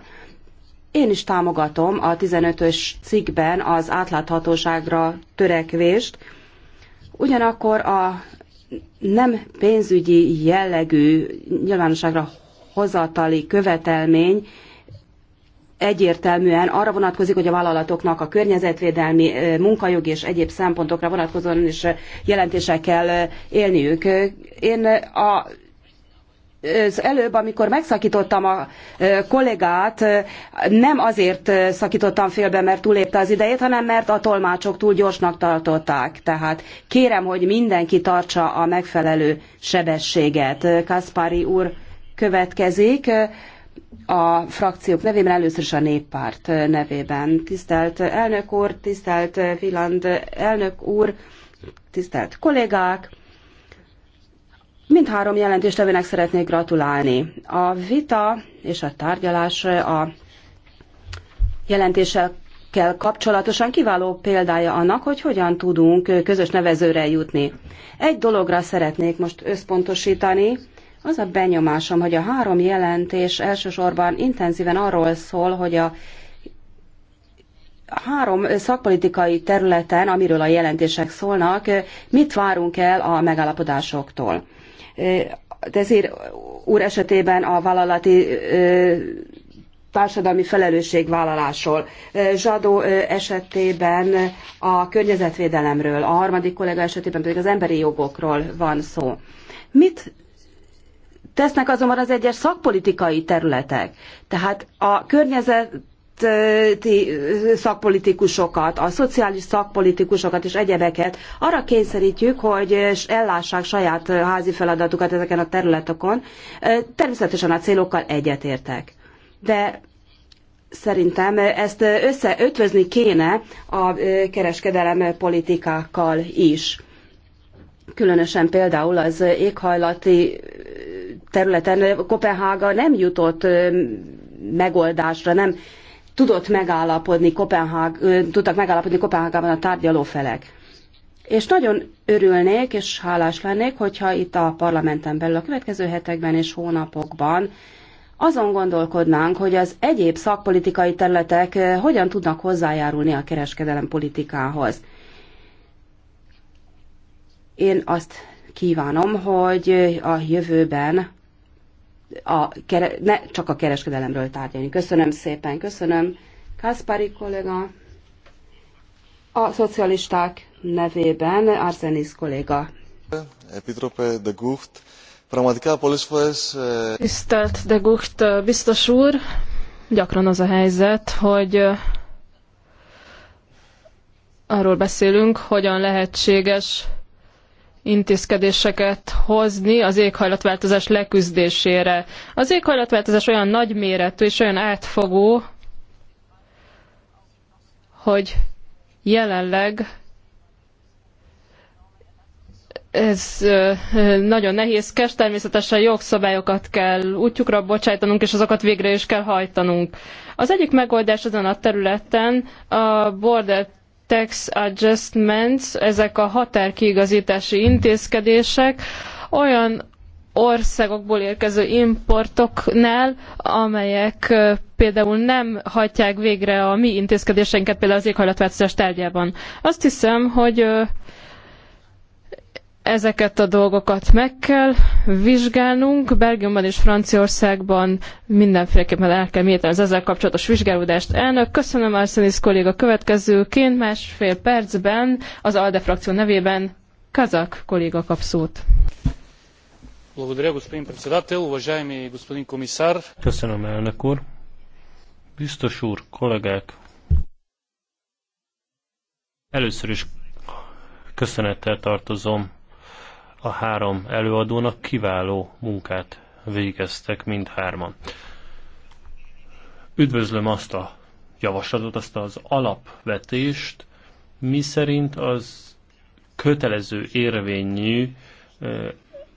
Én is támogatom a 15-ös cikkben az átláthatóságra törekvést, ugyanakkor a nem pénzügyi jellegű nyilvánosságra hozatali követelmény egyértelműen arra vonatkozik, hogy a vállalatoknak a környezetvédelmi, munkajogi és egyéb szempontokra vonatkozóan is jelentésekkel élniük. Én a az előbb, amikor megszakítottam a kollégát, nem azért szakítottam félbe, mert túlépte az idejét, hanem mert a tolmácsok túl gyorsnak tartották. Tehát kérem, hogy mindenki tartsa a megfelelő sebességet. Kaspari úr következik a frakciók nevében, először is a néppárt nevében. Tisztelt elnök úr, tisztelt Viland elnök úr, tisztelt kollégák! Mindhárom jelentéstevének szeretnék gratulálni. A vita és a tárgyalás a jelentésekkel kapcsolatosan kiváló példája annak, hogy hogyan tudunk közös nevezőre jutni. Egy dologra szeretnék most összpontosítani, az a benyomásom, hogy a három jelentés elsősorban intenzíven arról szól, hogy a három szakpolitikai területen, amiről a jelentések szólnak, mit várunk el a megállapodásoktól. Dezir úr esetében a vállalati társadalmi felelősségvállalásról, Zsadó esetében a környezetvédelemről, a harmadik kollega esetében pedig az emberi jogokról van szó. Mit tesznek azonban az egyes szakpolitikai területek? Tehát a környezet Eh, eh, szakpolitikusokat, a szociális szakpolitikusokat és egyebeket arra kényszerítjük, hogy ellássák saját eh, házi feladatukat ezeken a területeken. Természetesen a célokkal egyetértek. De szerintem ezt összeötvözni kéne a kereskedelem politikákkal is. Különösen például az éghajlati területen Kopenhága nem jutott megoldásra, nem tudott megállapodni Kopenhág, tudtak megállapodni Kopenhágában a tárgyaló felek. És nagyon örülnék és hálás lennék, hogyha itt a parlamenten belül a következő hetekben és hónapokban azon gondolkodnánk, hogy az egyéb szakpolitikai területek hogyan tudnak hozzájárulni a kereskedelem politikához. Én azt kívánom, hogy a jövőben a, ne csak a kereskedelemről tárgyalni. Köszönöm szépen, köszönöm. Kaspari kollega, a szocialisták nevében Arsenis kolléga. Epitrope de Gucht, Pragmatika Polisfoes... Eh, Tisztelt de Gucht, eh, biztos úr, gyakran az a helyzet, hogy eh, arról beszélünk, hogyan lehetséges intézkedéseket hozni az éghajlatváltozás leküzdésére. Az éghajlatváltozás olyan nagyméretű és olyan átfogó, hogy jelenleg ez nagyon nehézkes, természetesen jogszabályokat kell útjukra bocsájtanunk, és azokat végre is kell hajtanunk. Az egyik megoldás ezen a területen a border tax adjustments, ezek a határkiigazítási intézkedések olyan országokból érkező importoknál, amelyek például nem hajtják végre a mi intézkedéseinket, például az éghajlatváltozás tárgyában. Azt hiszem, hogy ezeket a dolgokat meg kell vizsgálnunk. Belgiumban és Franciaországban mindenféleképpen el kell mélyíteni az ezzel kapcsolatos vizsgálódást. Elnök, köszönöm Arsenis kolléga következőként másfél percben az ALDE frakció nevében Kazak kolléga kap szót. Köszönöm, elnök úr. Biztos úr, kollégák! Először is köszönettel tartozom a három előadónak kiváló munkát végeztek mindhárman. Üdvözlöm azt a javaslatot, azt az alapvetést, mi szerint az kötelező érvényű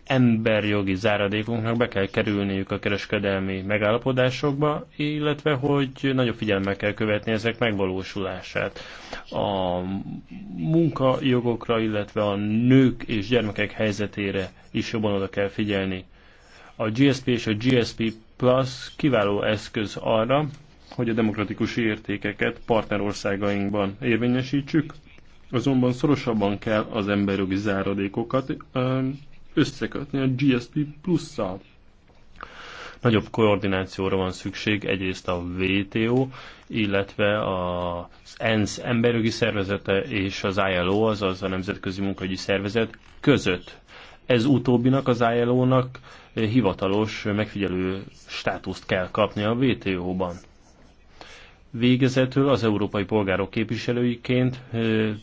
emberjogi záradékunknak be kell kerülniük a kereskedelmi megállapodásokba, illetve hogy nagyobb figyelemmel kell követni ezek megvalósulását. A munkajogokra, illetve a nők és gyermekek helyzetére is jobban oda kell figyelni. A GSP és a GSP Plus kiváló eszköz arra, hogy a demokratikus értékeket partnerországainkban érvényesítsük, azonban szorosabban kell az emberjogi záradékokat összekötni a GSP plusszal. Nagyobb koordinációra van szükség egyrészt a WTO, illetve az ENSZ emberjogi szervezete és az ILO, azaz a Nemzetközi Munkahogyi Szervezet között. Ez utóbbinak, az ILO-nak eh, hivatalos megfigyelő státuszt kell kapni a WTO-ban. Végezetül az európai polgárok képviselőiként eh,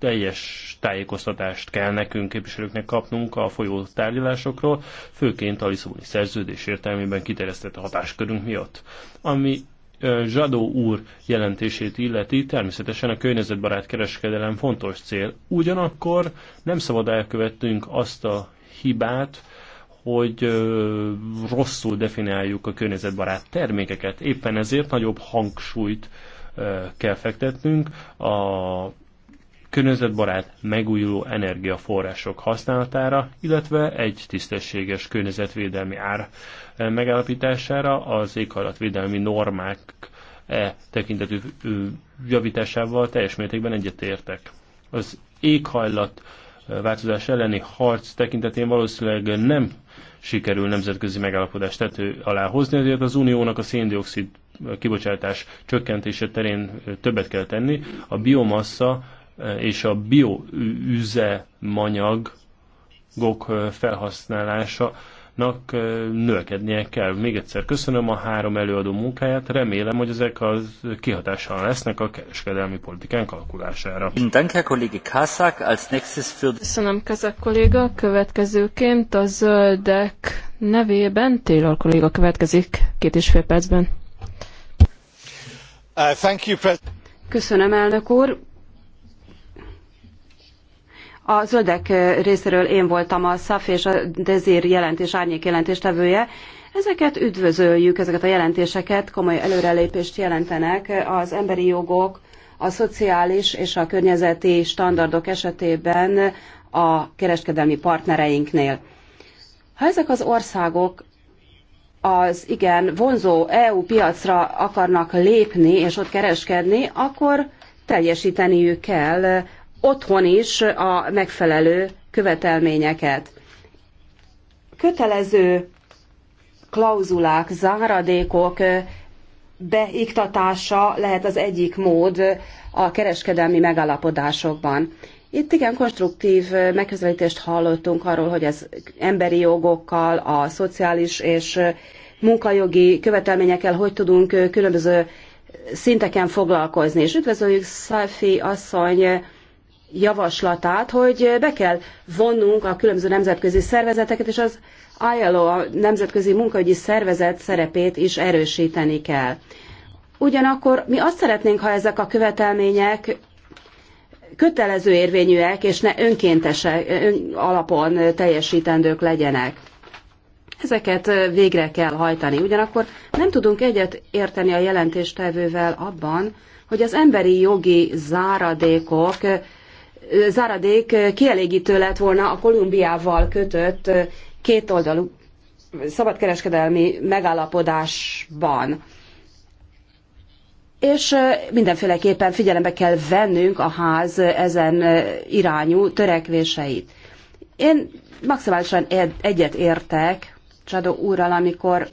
teljes tájékoztatást kell nekünk képviselőknek kapnunk a folyó tárgyalásokról, főként a Lisszaboni szerződés értelmében kiterjesztett hatáskörünk miatt. Ami Zsadó úr jelentését illeti, természetesen a környezetbarát kereskedelem fontos cél. Ugyanakkor nem szabad elkövetnünk azt a hibát, hogy rosszul definiáljuk a környezetbarát termékeket. Éppen ezért nagyobb hangsúlyt kell fektetnünk a környezetbarát megújuló energiaforrások használatára, illetve egy tisztességes környezetvédelmi ár eh, megállapítására az éghajlatvédelmi normák e tekintetű javításával teljes mértékben egyetértek. Az éghajlat eh, változás elleni harc tekintetén valószínűleg nem sikerül nemzetközi megállapodást tető alá hozni, ezért az uniónak a széndiokszid kibocsátás csökkentése terén többet kell tenni. A biomassa és a bioüzemanyagok felhasználása nak növekednie kell. Még egyszer köszönöm a három előadó munkáját, remélem, hogy ezek az kihatással lesznek a kereskedelmi politikán kalkulására. Köszönöm, Kazak kolléga. Következőként a zöldek nevében Taylor kolléga következik két és fél percben. Uh, you, Köszönöm, elnök úr. A zöldek eh, részéről én voltam a SZAF és a DEZIR jelentés árnyék jelentéstevője. Ezeket üdvözöljük, ezeket a jelentéseket komoly előrelépést jelentenek az emberi jogok, a szociális és a környezeti standardok esetében a kereskedelmi partnereinknél. Ha ezek az országok az igen vonzó EU piacra akarnak lépni és ott kereskedni, akkor teljesíteniük kell otthon is a megfelelő követelményeket. Kötelező klauzulák, záradékok beiktatása lehet az egyik mód a kereskedelmi megalapodásokban. Itt igen konstruktív megközelítést hallottunk arról, hogy ez emberi jogokkal, a szociális és munkajogi követelményekkel hogy tudunk különböző szinteken foglalkozni. És üdvözöljük Szalfi asszony javaslatát, hogy be kell vonnunk a különböző nemzetközi szervezeteket, és az ILO, a Nemzetközi Munkaügyi Szervezet szerepét is erősíteni kell. Ugyanakkor mi azt szeretnénk, ha ezek a követelmények kötelező érvényűek, és ne önkéntesek ön, alapon teljesítendők legyenek. Ezeket végre kell hajtani. Ugyanakkor nem tudunk egyet érteni a jelentéstevővel abban, hogy az emberi jogi záradékok záradék kielégítő lett volna a Kolumbiával kötött kétoldalú szabadkereskedelmi megállapodásban. És mindenféleképpen figyelembe kell vennünk a ház ezen irányú törekvéseit. Én maximálisan egyet értek Csadó úrral, amikor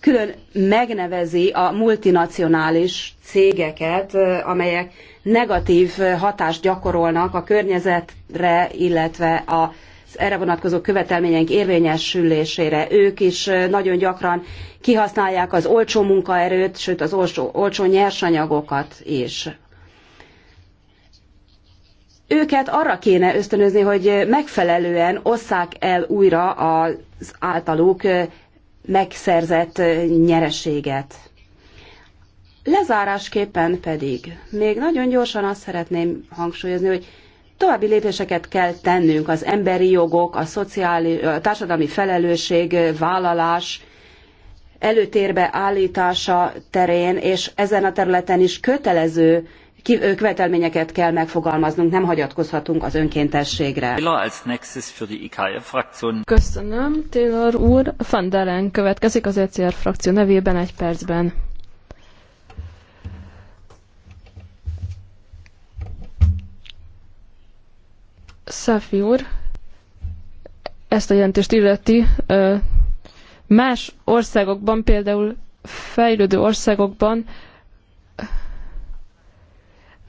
külön megnevezi a multinacionális cégeket, amelyek negatív hatást gyakorolnak a környezetre, illetve a erre vonatkozó követelményeink érvényesülésére. Ők is nagyon gyakran kihasználják az olcsó munkaerőt, sőt az olcsó, olcsó nyersanyagokat is. Őket arra kéne ösztönözni, hogy megfelelően osszák el újra az általuk megszerzett nyereséget. Lezárásképpen pedig még nagyon gyorsan azt szeretném hangsúlyozni, hogy további lépéseket kell tennünk az emberi jogok, a, szociális, a társadalmi felelősség, vállalás, előtérbe állítása terén, és ezen a területen is kötelező követelményeket kell megfogalmaznunk, nem hagyatkozhatunk az önkéntességre. Köszönöm, Taylor úr. Van Delen következik az ECR frakció nevében egy percben. Szafi úr, ezt a jelentést illeti, más országokban, például fejlődő országokban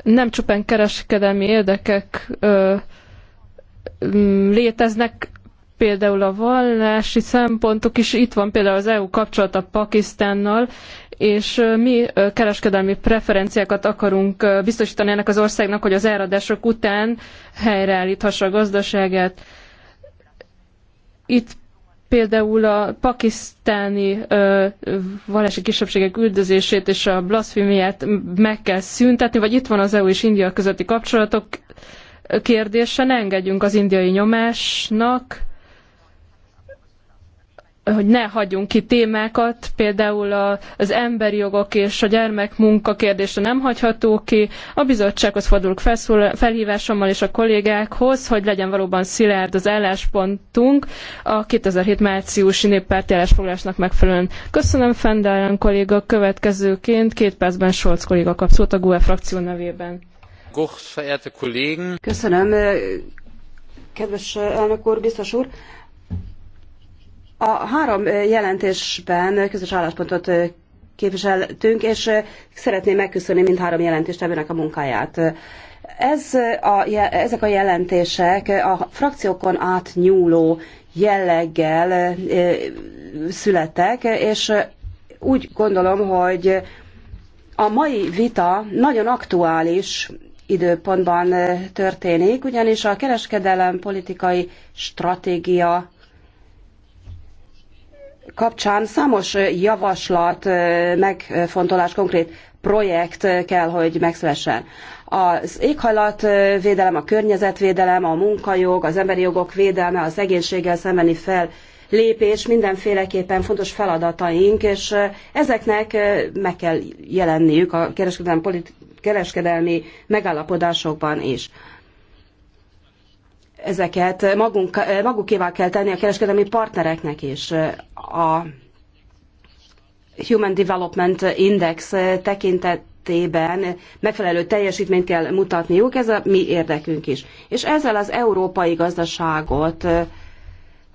nem csupán kereskedelmi érdekek ö, mm, léteznek, például a vallási szempontok is, itt van például az EU kapcsolata Pakisztánnal, és mi kereskedelmi preferenciákat akarunk biztosítani ennek az országnak, hogy az áradások után helyreállíthassa a gazdaságát. Itt például a pakisztáni vallási kisebbségek üldözését és a blasfémiát meg kell szüntetni, vagy itt van az EU és India közötti kapcsolatok kérdése, ne engedjünk az indiai nyomásnak, hogy ne hagyjunk ki témákat, például az emberi jogok és a gyermekmunka kérdése nem hagyható ki. A bizottsághoz fordulok felhívásommal és a kollégákhoz, hogy legyen valóban szilárd az álláspontunk a 2007 márciusi néppárti állásfoglalásnak megfelelően. Köszönöm Fendálen kolléga következőként, két percben Scholz kolléga kap szót a GUE frakció nevében. Köszönöm, kedves elnök úr, biztos úr. A három jelentésben közös álláspontot képviseltünk, és szeretném megköszönni mindhárom ebben a munkáját. Ez a, ezek a jelentések a frakciókon átnyúló jelleggel születtek, és úgy gondolom, hogy a mai vita nagyon aktuális időpontban történik, ugyanis a kereskedelem politikai stratégia kapcsán számos javaslat, megfontolás, konkrét projekt kell, hogy megszülessen. Az éghajlatvédelem, a környezetvédelem, a munkajog, az emberi jogok védelme, a szegénységgel szembeni fel lépés mindenféleképpen fontos feladataink, és ezeknek meg kell jelenniük a kereskedelmi, kereskedelmi megállapodásokban is ezeket magunk, eh, magukévá kell tenni a kereskedelmi partnereknek is. A Human Development Index tekintetében megfelelő teljesítményt kell mutatniuk, ez a mi érdekünk is. És ezzel az európai gazdaságot eh,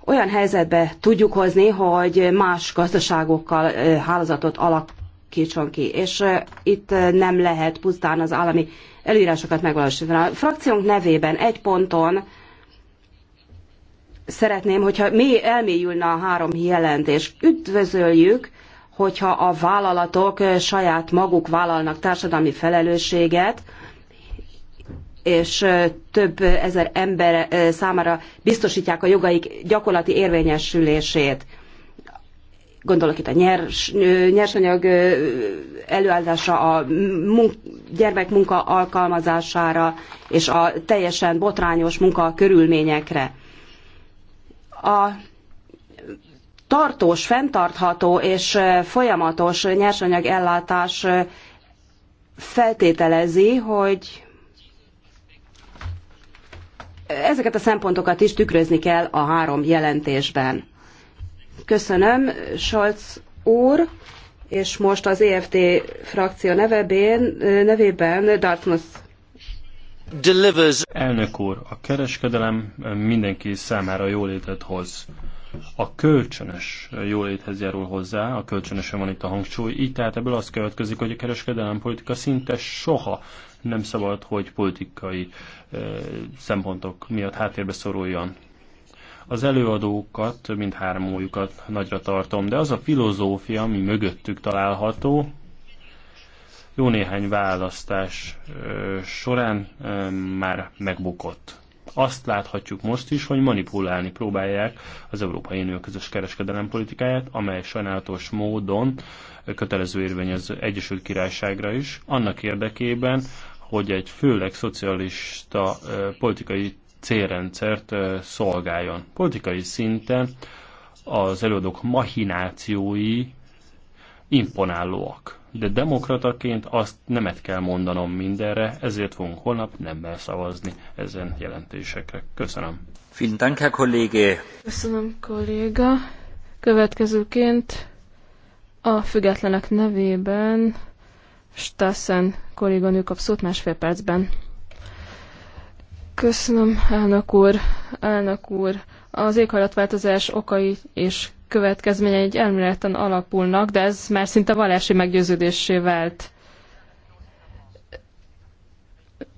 olyan helyzetbe tudjuk hozni, hogy más gazdaságokkal eh, hálózatot alakítson ki. És itt nem lehet pusztán az állami előírásokat megvalósítani. A frakciónk nevében egy ponton szeretném, hogyha mi elmélyülne a három jelentés. Üdvözöljük, hogyha a vállalatok saját maguk vállalnak társadalmi felelősséget, és több ezer ember számára biztosítják a jogaik gyakorlati érvényesülését. Gondolok itt a nyers, nyersanyag előállítása, a munk, gyermekmunka alkalmazására és a teljesen botrányos munka körülményekre a tartós, fenntartható és folyamatos nyersanyag ellátás feltételezi, hogy ezeket a szempontokat is tükrözni kell a három jelentésben. Köszönöm, Scholz úr, és most az EFT frakció nevében, nevében Dartmouth delivers. Elnök úr, a kereskedelem mindenki számára jólétet hoz. A kölcsönös jóléthez járul hozzá, a kölcsönösen van itt a hangsúly, így tehát ebből az következik, hogy a kereskedelem politika szinte soha nem szabad, hogy politikai eh, szempontok miatt háttérbe szoruljon. Az előadókat, mindhármójukat nagyra tartom, de az a filozófia, ami mögöttük található, jó néhány választás során már megbukott. Azt láthatjuk most is, hogy manipulálni próbálják az Európai Unió közös kereskedelem politikáját, amely sajnálatos módon kötelező érvény az Egyesült Királyságra is, annak érdekében, hogy egy főleg szocialista politikai célrendszert szolgáljon. Politikai szinten az előadók mahinációi imponálóak de demokrataként azt nemet kell mondanom mindenre, ezért fogunk holnap nemmel szavazni ezen jelentésekre. Köszönöm. Dank, Herr Kollege. Köszönöm, kolléga. Következőként a függetlenek nevében Stassen kolléganő kap szót másfél percben. Köszönöm, elnök úr. Elnök úr, az éghajlatváltozás okai és következményei egy elméleten alapulnak, de ez már szinte vallási meggyőződésé vált.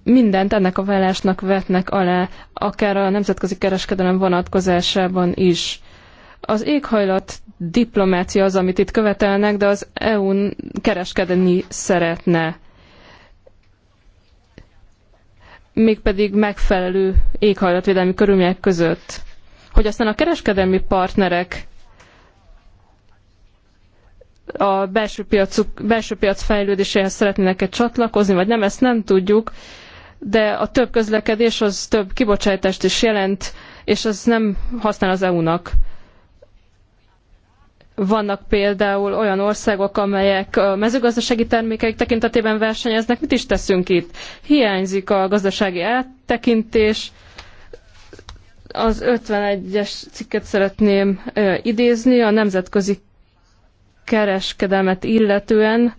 Mindent ennek a vallásnak vetnek alá, akár a nemzetközi kereskedelem vonatkozásában is. Az éghajlat diplomácia az, amit itt követelnek, de az EU-n kereskedni szeretne. Mégpedig megfelelő éghajlatvédelmi körülmények között. Hogy aztán a kereskedelmi partnerek a belső, piacuk, belső piac fejlődéséhez szeretnének-e csatlakozni, vagy nem, ezt nem tudjuk, de a több közlekedés az több kibocsátást is jelent, és az nem használ az EU-nak. Vannak például olyan országok, amelyek a mezőgazdasági termékeik tekintetében versenyeznek. Mit is teszünk itt? Hiányzik a gazdasági áttekintés. Az 51-es cikket szeretném idézni, a nemzetközi kereskedelmet illetően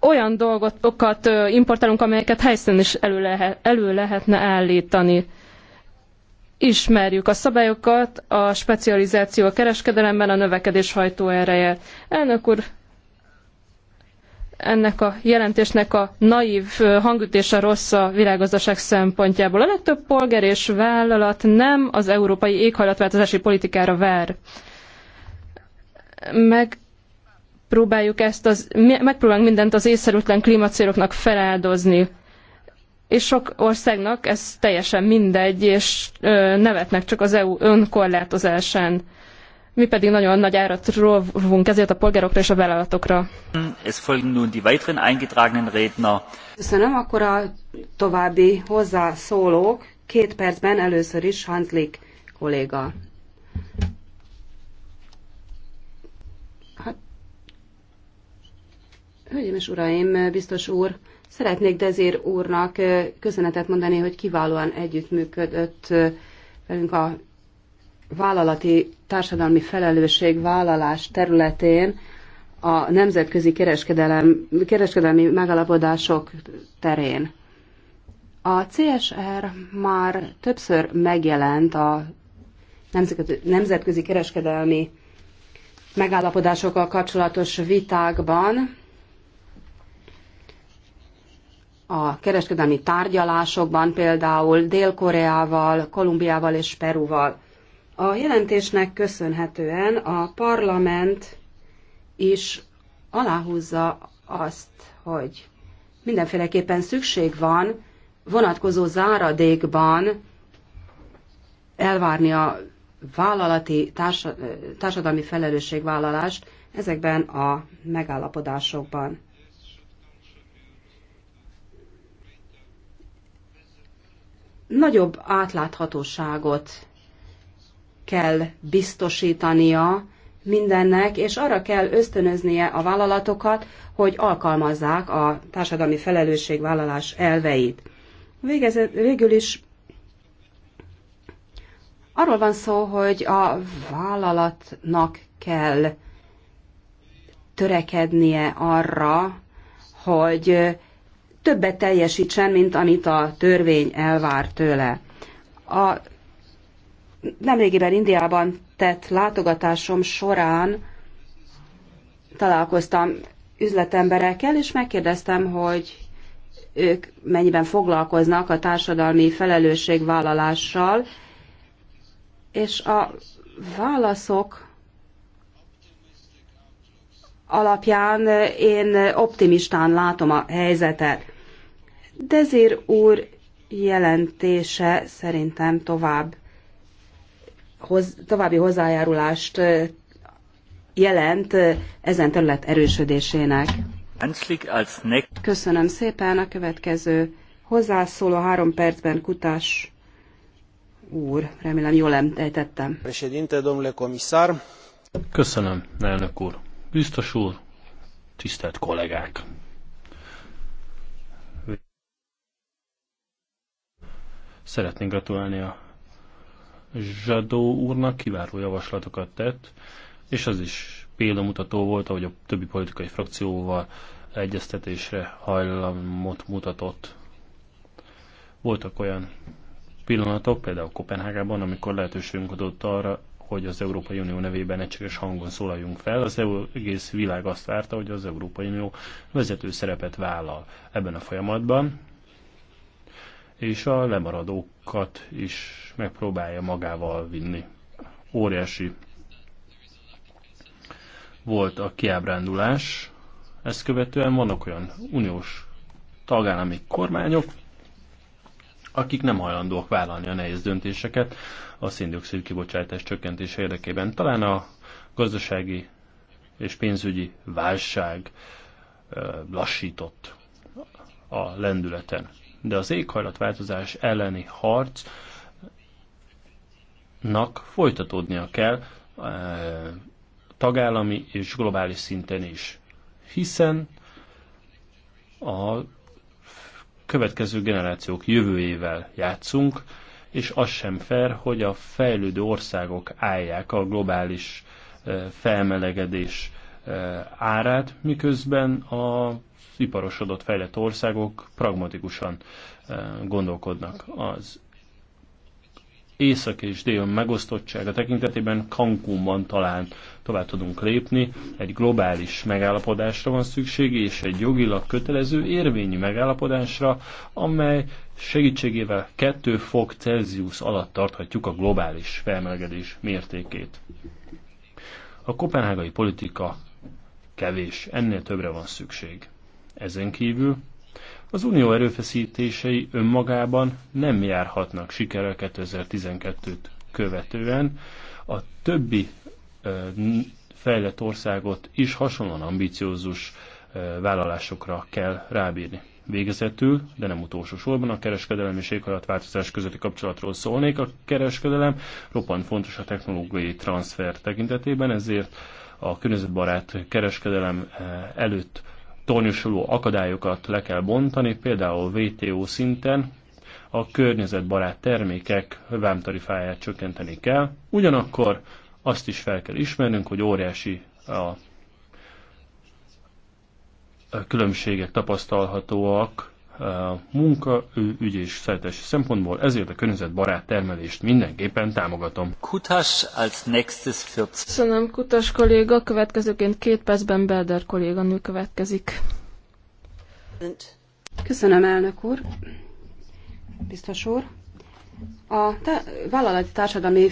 olyan dolgokat importálunk, amelyeket helyszínen is elő, lehet, elő lehetne állítani ismerjük a szabályokat, a specializáció a kereskedelemben a növekedés hajtó ereje. Elnök úr, ennek a jelentésnek a naív hangütése rossz a világgazdaság szempontjából. A legtöbb polgár és vállalat nem az európai éghajlatváltozási politikára vár. Megpróbáljuk ezt az, megpróbálunk mindent az észszerűtlen klímacéloknak feláldozni. És sok országnak ez teljesen mindegy, és nevetnek csak az EU önkorlátozásán. Mi pedig nagyon nagy árat rovunk ezért a polgárokra és a vállalatokra. Es folgen nun die weiteren eingetragenen Redner. Köszönöm, akkor a további hozzászólók két percben először is Hanslik kolléga. Hölgyeim és Uraim, biztos úr, szeretnék Dezér úrnak köszönetet mondani, hogy kiválóan együttműködött velünk a vállalati társadalmi felelősség vállalás területén a nemzetközi kereskedelem, kereskedelmi megalapodások terén. A CSR már többször megjelent a nemzetközi kereskedelmi megállapodásokkal kapcsolatos vitákban, a kereskedelmi tárgyalásokban, például Dél-Koreával, Kolumbiával és Peruval. A jelentésnek köszönhetően a parlament is aláhúzza azt, hogy mindenféleképpen szükség van vonatkozó záradékban elvárni a vállalati társadalmi felelősségvállalást ezekben a megállapodásokban. nagyobb átláthatóságot kell biztosítania mindennek, és arra kell ösztönöznie a vállalatokat, hogy alkalmazzák a társadalmi felelősségvállalás elveit. Végezet, végül is arról van szó, hogy a vállalatnak kell törekednie arra, hogy többet teljesítsen, mint amit a törvény elvár tőle. A nemrégiben Indiában tett látogatásom során találkoztam üzletemberekkel, és megkérdeztem, hogy ők mennyiben foglalkoznak a társadalmi felelősségvállalással, és a válaszok alapján én optimistán látom a helyzetet. Dezir úr jelentése szerintem tovább hoz, további hozzájárulást jelent ezen terület erősödésének. Köszönöm szépen a következő hozzászóló három percben kutás úr. Remélem jól említettem. Köszönöm, elnök úr. Biztos úr, tisztelt kollégák. Szeretnénk gratulálni a Zsadó úrnak, kiváló javaslatokat tett, és az is példamutató volt, ahogy a többi politikai frakcióval egyeztetésre hajlamot mutatott. Voltak olyan pillanatok, például Kopenhágában, amikor lehetőségünk adott arra, hogy az Európai Unió nevében egységes hangon szólaljunk fel. Az e- egész világ azt várta, hogy az Európai Unió vezető szerepet vállal ebben a folyamatban és a lemaradókat is megpróbálja magával vinni. Óriási volt a kiábrándulás, ezt követően vannak olyan uniós tagállami kormányok, akik nem hajlandóak vállalni a nehéz döntéseket a széndiokszid kibocsátás csökkentése érdekében. Talán a gazdasági és pénzügyi válság lassított a lendületen de az éghajlatváltozás elleni harcnak folytatódnia kell eh, tagállami és globális szinten is. Hiszen a következő generációk jövőjével játszunk, és az sem fair, hogy a fejlődő országok állják a globális eh, felmelegedés eh, árát, miközben a iparosodott, fejlett országok pragmatikusan eh, gondolkodnak. Az észak és dél megosztottsága tekintetében Cancúnban talán tovább tudunk lépni. Egy globális megállapodásra van szükség, és egy jogilag kötelező érvényű megállapodásra, amely segítségével 2 fok Celsius alatt tarthatjuk a globális felmelegedés mértékét. A kopenhágai politika kevés, ennél többre van szükség. Ezen kívül az unió erőfeszítései önmagában nem járhatnak sikerrel 2012-t követően. A többi fejlett országot is hasonlóan ambiciózus vállalásokra kell rábírni. Végezetül, de nem utolsó sorban a kereskedelem és éghajlatváltozás közötti kapcsolatról szólnék. A kereskedelem roppant fontos a technológiai transfer tekintetében, ezért a környezetbarát kereskedelem előtt tornyosuló akadályokat le kell bontani, például WTO szinten a környezetbarát termékek vámtarifáját csökkenteni kell. Ugyanakkor azt is fel kell ismernünk, hogy óriási a különbségek tapasztalhatóak munka, ügy és szállítási szempontból, ezért a környezetbarát termelést mindenképpen támogatom. Kutas als nächstes für... Köszönöm, Kutas kolléga. Következőként két percben Belder kolléganő következik. Köszönöm, elnök úr. Biztos úr. A vállalati társadalmi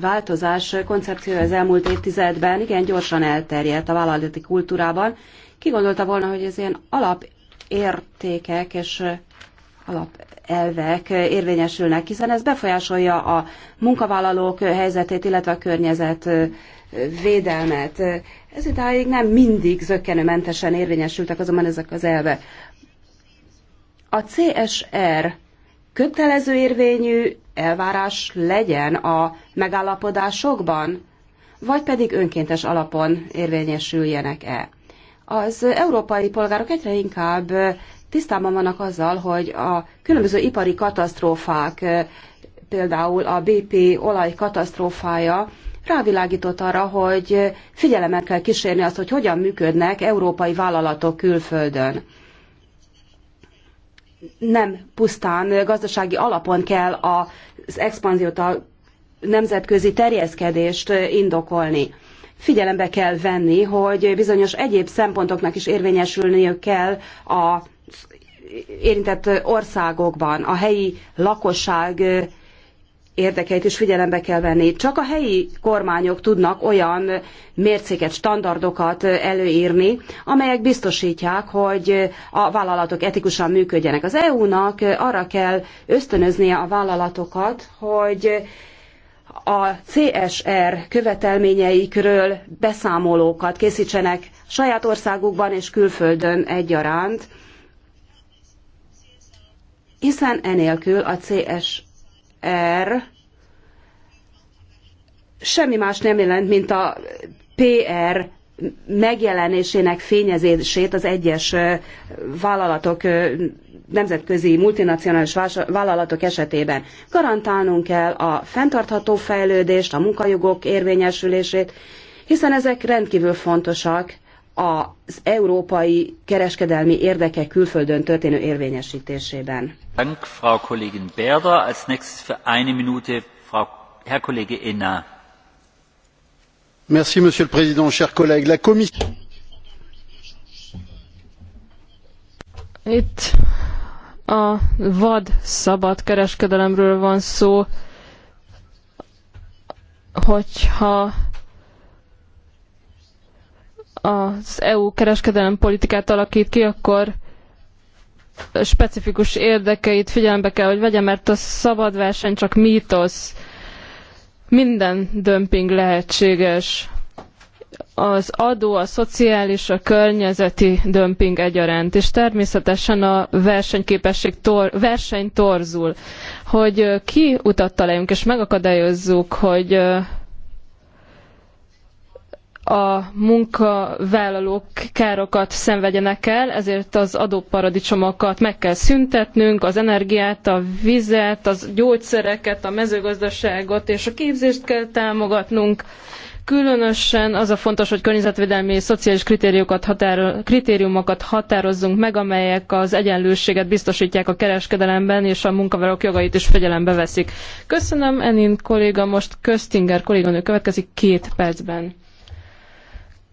változás, koncepció az elmúlt évtizedben igen gyorsan elterjedt a vállalati kultúrában. Ki gondolta volna, hogy ez ilyen alap értékek és alapelvek érvényesülnek, hiszen ez befolyásolja a munkavállalók helyzetét, illetve a környezet védelmet. Ez idáig nem mindig zöggenőmentesen érvényesültek azonban ezek az elve. A CSR kötelező érvényű elvárás legyen a megállapodásokban, vagy pedig önkéntes alapon érvényesüljenek-e az európai polgárok egyre inkább tisztában vannak azzal, hogy a különböző ipari katasztrófák, például a BP olaj katasztrófája rávilágított arra, hogy figyelemmel kell kísérni azt, hogy hogyan működnek európai vállalatok külföldön. Nem pusztán gazdasági alapon kell az expanziót, a nemzetközi terjeszkedést indokolni figyelembe kell venni, hogy bizonyos egyéb szempontoknak is érvényesülniük kell a érintett országokban, a helyi lakosság érdekeit is figyelembe kell venni. Csak a helyi kormányok tudnak olyan mércéket, standardokat előírni, amelyek biztosítják, hogy a vállalatok etikusan működjenek. Az EU-nak arra kell ösztönöznie a vállalatokat, hogy a CSR követelményeikről beszámolókat készítsenek saját országukban és külföldön egyaránt, hiszen enélkül a CSR semmi más nem jelent, mint a PR megjelenésének fényezését az egyes vállalatok nemzetközi multinacionális vállalatok esetében. Garantálnunk kell a fenntartható fejlődést, a munkajogok érvényesülését, hiszen ezek rendkívül fontosak az európai kereskedelmi érdekek külföldön történő érvényesítésében. Dank, Frau Kollegin Berder. Als nächstes für eine Minute Frau, Herr Kollege Enna. Merci, Monsieur le Président, chers collègues. La Commission. Itt a vad szabad kereskedelemről van szó, hogyha az EU kereskedelem politikát alakít ki, akkor specifikus érdekeit figyelembe kell, hogy vegye, mert a szabad verseny csak mítosz. Minden dömping lehetséges az adó, a szociális, a környezeti dömping egyaránt, és természetesen a versenyképesség tor, verseny torzul, hogy ki utattaláljunk és megakadályozzuk, hogy a munkavállalók károkat szenvedjenek el, ezért az adóparadicsomokat meg kell szüntetnünk, az energiát, a vizet, az gyógyszereket, a mezőgazdaságot és a képzést kell támogatnunk, Különösen az a fontos, hogy környezetvédelmi és szociális határo kritériumokat határozzunk meg, amelyek az egyenlőséget biztosítják a kereskedelemben, és a munkavállalók jogait is figyelembe veszik. Köszönöm, Enin kolléga, most Köztinger kolléganő következik két percben.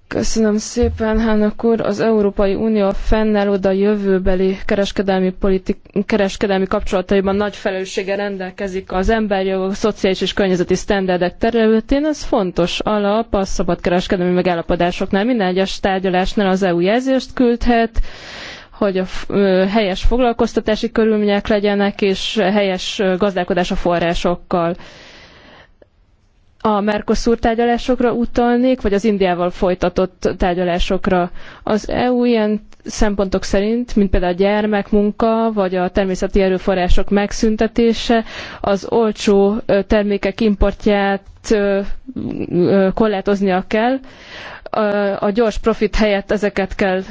Köszönöm szépen, Hának úr. Az Európai Unió fennállóda jövőbeli kereskedelmi, politik, kereskedelmi kapcsolataiban nagy felelőssége rendelkezik az emberjogok, szociális és környezeti sztenderdek területén. Ez fontos alap a szabadkereskedelmi megállapodásoknál. Minden egyes tárgyalásnál az EU jelzést küldhet, hogy a helyes foglalkoztatási körülmények legyenek, és helyes gazdálkodás a forrásokkal a Mercosur tárgyalásokra utalnék, vagy az Indiával folytatott tárgyalásokra. Az EU ilyen szempontok szerint, mint például a gyermekmunka, vagy a természeti erőforrások megszüntetése, az olcsó termékek importját korlátoznia kell. A gyors profit helyett ezeket kell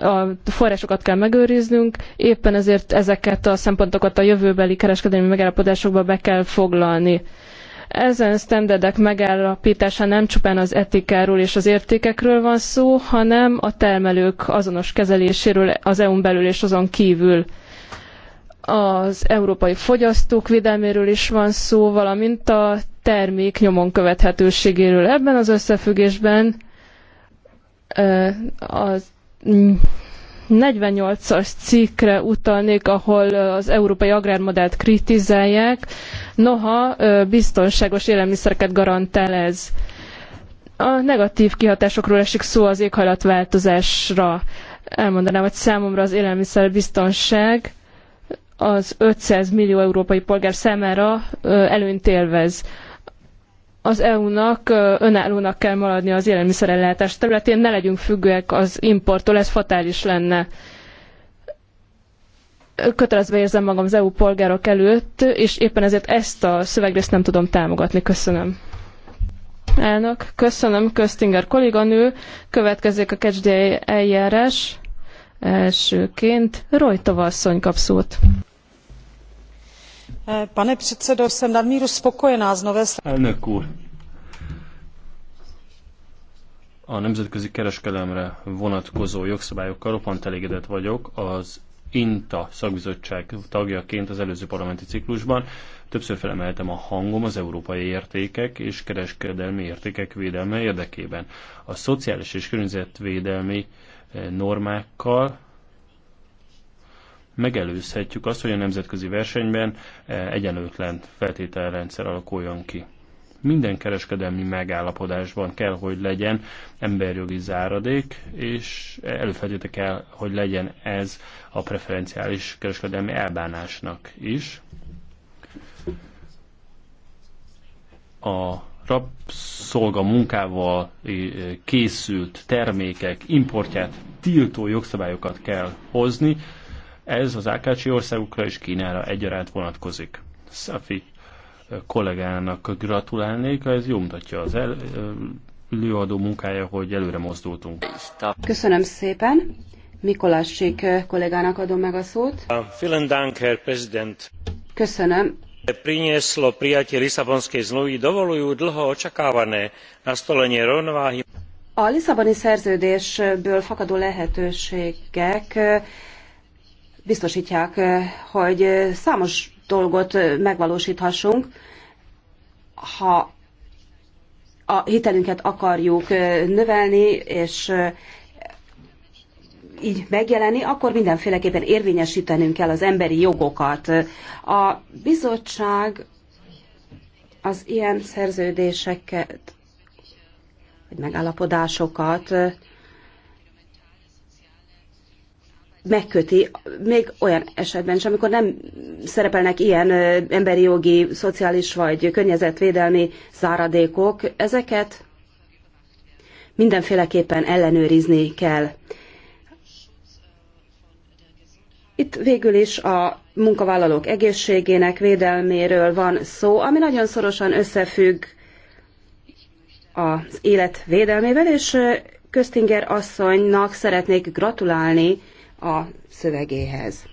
a forrásokat kell megőriznünk, éppen ezért ezeket a szempontokat a jövőbeli kereskedelmi megállapodásokba be kell foglalni. Ezen sztenderdek megállapítása nem csupán az etikáról és az értékekről van szó, hanem a termelők azonos kezeléséről az EU-n belül és azon kívül az európai fogyasztók védelméről is van szó, valamint a termék nyomon követhetőségéről. Ebben az összefüggésben az 48-as cikkre utalnék, ahol az európai agrármodellt kritizálják. Noha biztonságos élelmiszereket garantál ez. A negatív kihatásokról esik szó az éghajlatváltozásra. Elmondanám, hogy számomra az élelmiszerbiztonság az 500 millió európai polgár számára előnyt élvez az EU-nak önállónak kell maradni az élelmiszerellátás területén, ne legyünk függőek az importtól, ez fatális lenne. Kötelezve érzem magam az EU polgárok előtt, és éppen ezért ezt a szövegrészt nem tudom támogatni. Köszönöm. Elnök, köszönöm, Köztinger kolléganő. Következik a kecsdély eljárás. Elsőként Rojtova asszony kap szót. Pane předsedo, jsem nadmíru spokojená z nové... Elnök úr, a nemzetközi kereskedelemre vonatkozó jogszabályokkal roppant elégedett vagyok. Az INTA szakbizottság tagjaként az előző parlamenti ciklusban többször felemeltem a hangom az európai értékek és kereskedelmi értékek védelme érdekében. A szociális és környezetvédelmi normákkal megelőzhetjük azt, hogy a nemzetközi versenyben eh, egyenlőtlen feltételrendszer alakuljon ki. Minden kereskedelmi megállapodásban kell, hogy legyen emberjogi záradék, és előfeltétel kell, hogy legyen ez a preferenciális kereskedelmi elbánásnak is. A rabszolga munkával eh, készült termékek importját tiltó jogszabályokat kell hozni, ez az Ákácsi országokra és Kínára egyaránt vonatkozik. Szafi kollégának gratulálnék, ez jó mutatja az el, előadó munkája, hogy előre mozdultunk. Köszönöm szépen. Mikolássik kollégának adom meg a szót. Vielen Dank, Herr President. Köszönöm. Prinieslo prijatie Lisabonskej zmluvy dovolujú dlho očakávané nastolenie rovnováhy. A Lisszaboni szerződésből fakadó lehetőségek biztosítják, eh, hogy eh, számos dolgot eh, megvalósíthassunk, ha a hitelünket akarjuk növelni, és így megjelenni, akkor mindenféleképpen érvényesítenünk kell az emberi jogokat. A bizottság az ilyen szerződéseket, vagy megállapodásokat megköti, még olyan esetben is, amikor nem szerepelnek ilyen emberi jogi, szociális vagy környezetvédelmi záradékok, ezeket mindenféleképpen ellenőrizni kell. Itt végül is a munkavállalók egészségének védelméről van szó, ami nagyon szorosan összefügg az élet védelmével, és Köztinger asszonynak szeretnék gratulálni a szövegéhez.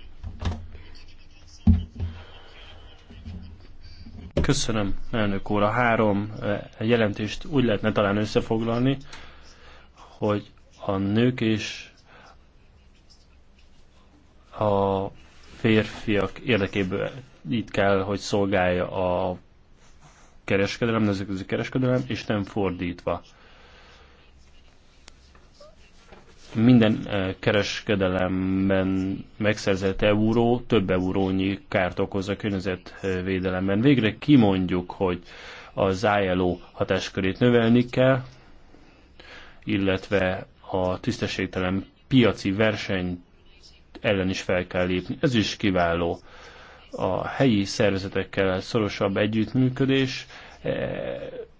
Köszönöm, elnök óra. Három eh, jelentést úgy lehetne talán összefoglalni, hogy a nők és a férfiak érdekéből itt kell, hogy szolgálja a kereskedelem, nemzetközi kereskedelem, és nem fordítva. minden eh, kereskedelemben megszerzett euró több eurónyi kárt okoz a környezetvédelemben. Végre kimondjuk, hogy az ILO hatáskörét növelni kell, illetve a tisztességtelen piaci verseny ellen is fel kell lépni. Ez is kiváló. A helyi szervezetekkel szorosabb együttműködés eh,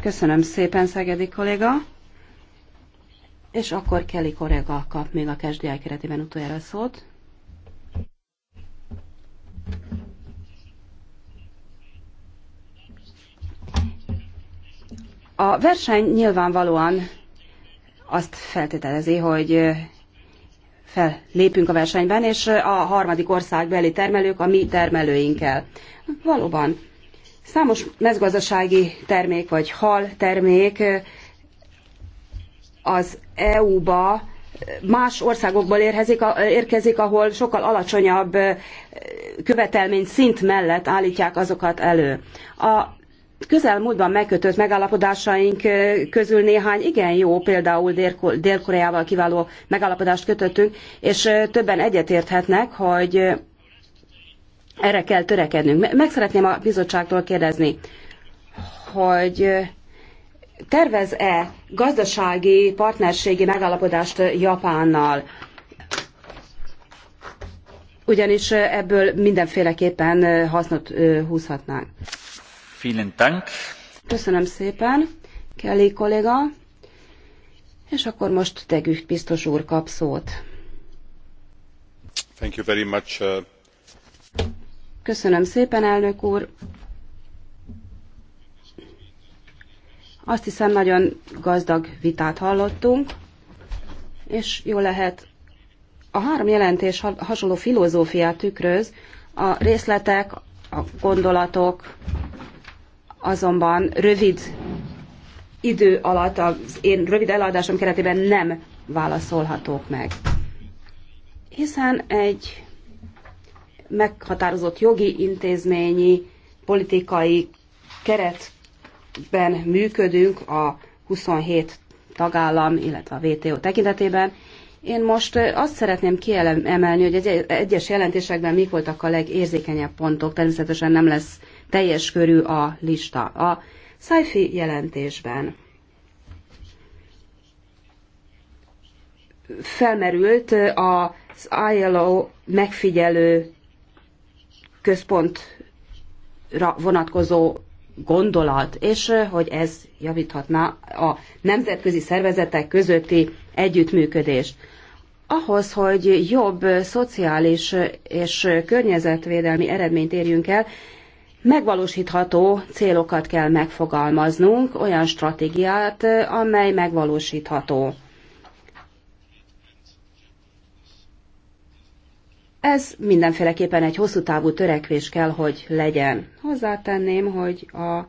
Köszönöm szépen, Szegedi kolléga. És akkor Kelly kolléga kap még a KSDI keretében utoljára szót. A verseny nyilvánvalóan azt feltételezi, hogy fellépünk a versenyben, és a harmadik országbeli termelők a mi termelőinkkel. Valóban Számos mezgazdasági termék vagy hal termék az EU-ba más országokból érkezik, ahol sokkal alacsonyabb követelmény szint mellett állítják azokat elő. A közelmúltban megkötött megállapodásaink közül néhány igen jó, például Dél-Koreával kiváló megállapodást kötöttünk, és többen egyetérthetnek, hogy erre kell törekednünk. Meg szeretném a bizottságtól kérdezni, hogy tervez-e gazdasági partnerségi megállapodást Japánnal? Ugyanis ebből mindenféleképpen hasznot húzhatnánk. Vielen Dank. Köszönöm szépen, Kelly kolléga. És akkor most Degücht biztos úr kap szót. Thank you very much, uh... Köszönöm szépen, elnök úr. Azt hiszem, nagyon gazdag vitát hallottunk, és jó lehet, a három jelentés hasonló filozófiát tükröz, a részletek, a gondolatok azonban rövid idő alatt, az én rövid eladásom keretében nem válaszolhatók meg. Hiszen egy meghatározott jogi, intézményi, politikai keretben működünk a 27 tagállam, illetve a WTO tekintetében. Én most azt szeretném kiemelni, hogy egy egyes jelentésekben mik voltak a legérzékenyebb pontok. Természetesen nem lesz teljes körű a lista. A Szájfi jelentésben felmerült az ILO megfigyelő központra vonatkozó gondolat, és hogy ez javíthatná a nemzetközi szervezetek közötti együttműködést. Ahhoz, hogy jobb szociális és környezetvédelmi eredményt érjünk el, megvalósítható célokat kell megfogalmaznunk, olyan stratégiát, amely megvalósítható. Ez mindenféleképpen egy hosszú távú törekvés kell, hogy legyen. Hozzátenném, hogy a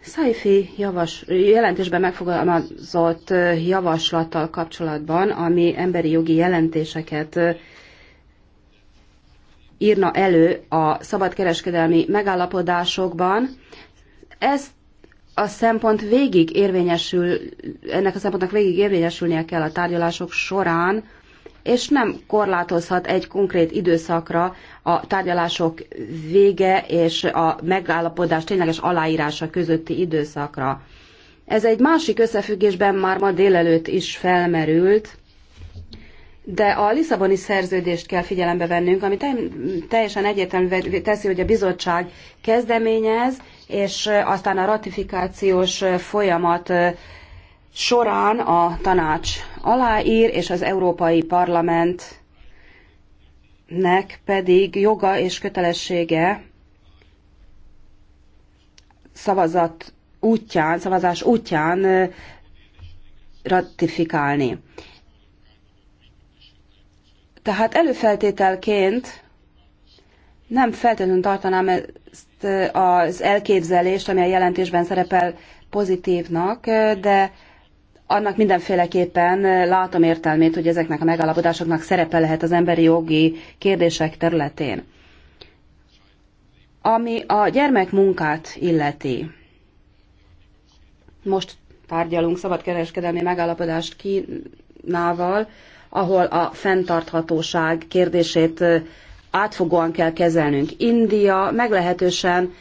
Szaifi javas, jelentésben megfogalmazott javaslattal kapcsolatban, ami emberi jogi jelentéseket írna elő a szabadkereskedelmi megállapodásokban, ezt a szempont végig érvényesül, ennek a szempontnak végig érvényesülnie kell a tárgyalások során, és nem korlátozhat egy konkrét időszakra a tárgyalások vége és a megállapodás tényleges aláírása közötti időszakra. Ez egy másik összefüggésben már ma délelőtt is felmerült, de a Lisszaboni szerződést kell figyelembe vennünk, ami teljesen egyértelmű teszi, hogy a bizottság kezdeményez, és aztán a ratifikációs folyamat során a tanács aláír, és az Európai Parlamentnek pedig joga és kötelessége szavazat útján, szavazás útján ratifikálni. Tehát előfeltételként nem feltétlenül tartanám ezt az elképzelést, ami a jelentésben szerepel pozitívnak, de annak mindenféleképpen eh, látom értelmét, hogy ezeknek a megállapodásoknak szerepe lehet az emberi jogi kérdések területén. Ami a gyermekmunkát illeti, most tárgyalunk szabadkereskedelmi megállapodást Kínával, ahol a fenntarthatóság kérdését eh, átfogóan kell kezelnünk. India meglehetősen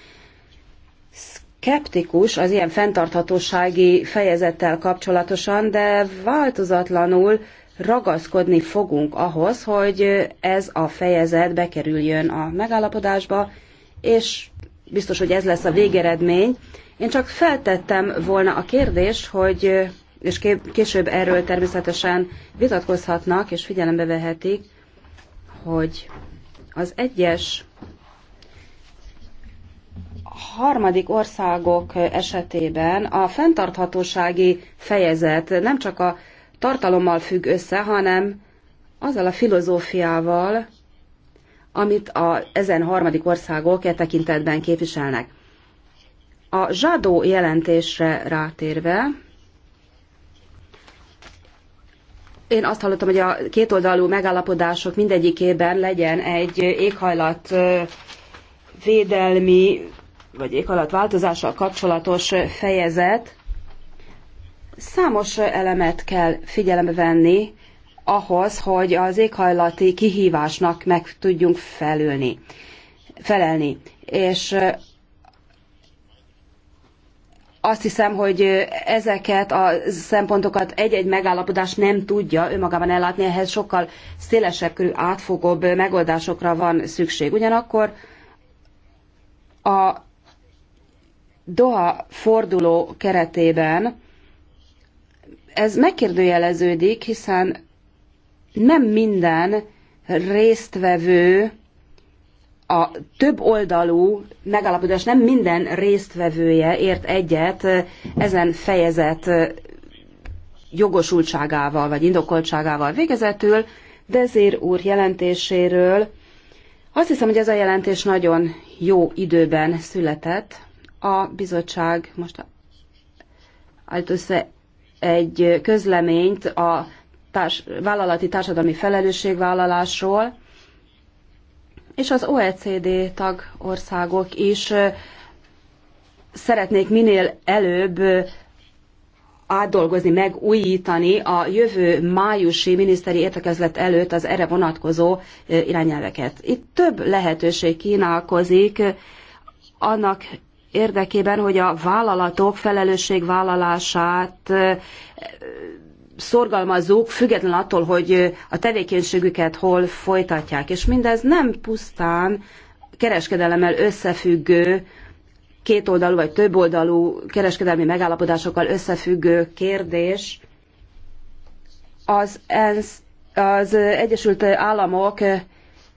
skeptikus az ilyen fenntarthatósági fejezettel kapcsolatosan, de változatlanul ragaszkodni fogunk ahhoz, hogy ez a fejezet bekerüljön a megállapodásba, és biztos, hogy ez lesz a végeredmény. Én csak feltettem volna a kérdést, hogy, és később erről természetesen vitatkozhatnak, és figyelembe vehetik, hogy az egyes harmadik országok esetében a fenntarthatósági fejezet nem csak a tartalommal függ össze, hanem azzal a filozófiával, amit a ezen harmadik országok e tekintetben képviselnek. A zsadó jelentésre rátérve, én azt hallottam, hogy a kétoldalú megállapodások mindegyikében legyen egy éghajlat védelmi vagy változással kapcsolatos fejezet számos elemet kell figyelembe venni ahhoz, hogy az éghajlati kihívásnak meg tudjunk felülni, felelni. És azt hiszem, hogy ezeket a szempontokat egy-egy megállapodás nem tudja önmagában ellátni, ehhez sokkal szélesebb körű átfogóbb megoldásokra van szükség. Ugyanakkor a Doha forduló keretében ez megkérdőjeleződik, hiszen nem minden résztvevő a több oldalú megállapodás nem minden résztvevője ért egyet ezen fejezet jogosultságával vagy indokoltságával végezetül, ezért úr jelentéséről. Azt hiszem, hogy ez a jelentés nagyon jó időben született, a bizottság most állt össze egy közleményt a társ, vállalati társadalmi felelősségvállalásról, és az OECD tagországok is szeretnék minél előbb átdolgozni, megújítani a jövő májusi miniszteri értekezlet előtt az erre vonatkozó irányelveket. Itt több lehetőség kínálkozik annak érdekében, hogy a vállalatok felelősségvállalását szorgalmazzuk, függetlenül attól, hogy a tevékenységüket hol folytatják. És mindez nem pusztán kereskedelemmel összefüggő, kétoldalú vagy többoldalú kereskedelmi megállapodásokkal összefüggő kérdés. Az, ENSZ, az Egyesült Államok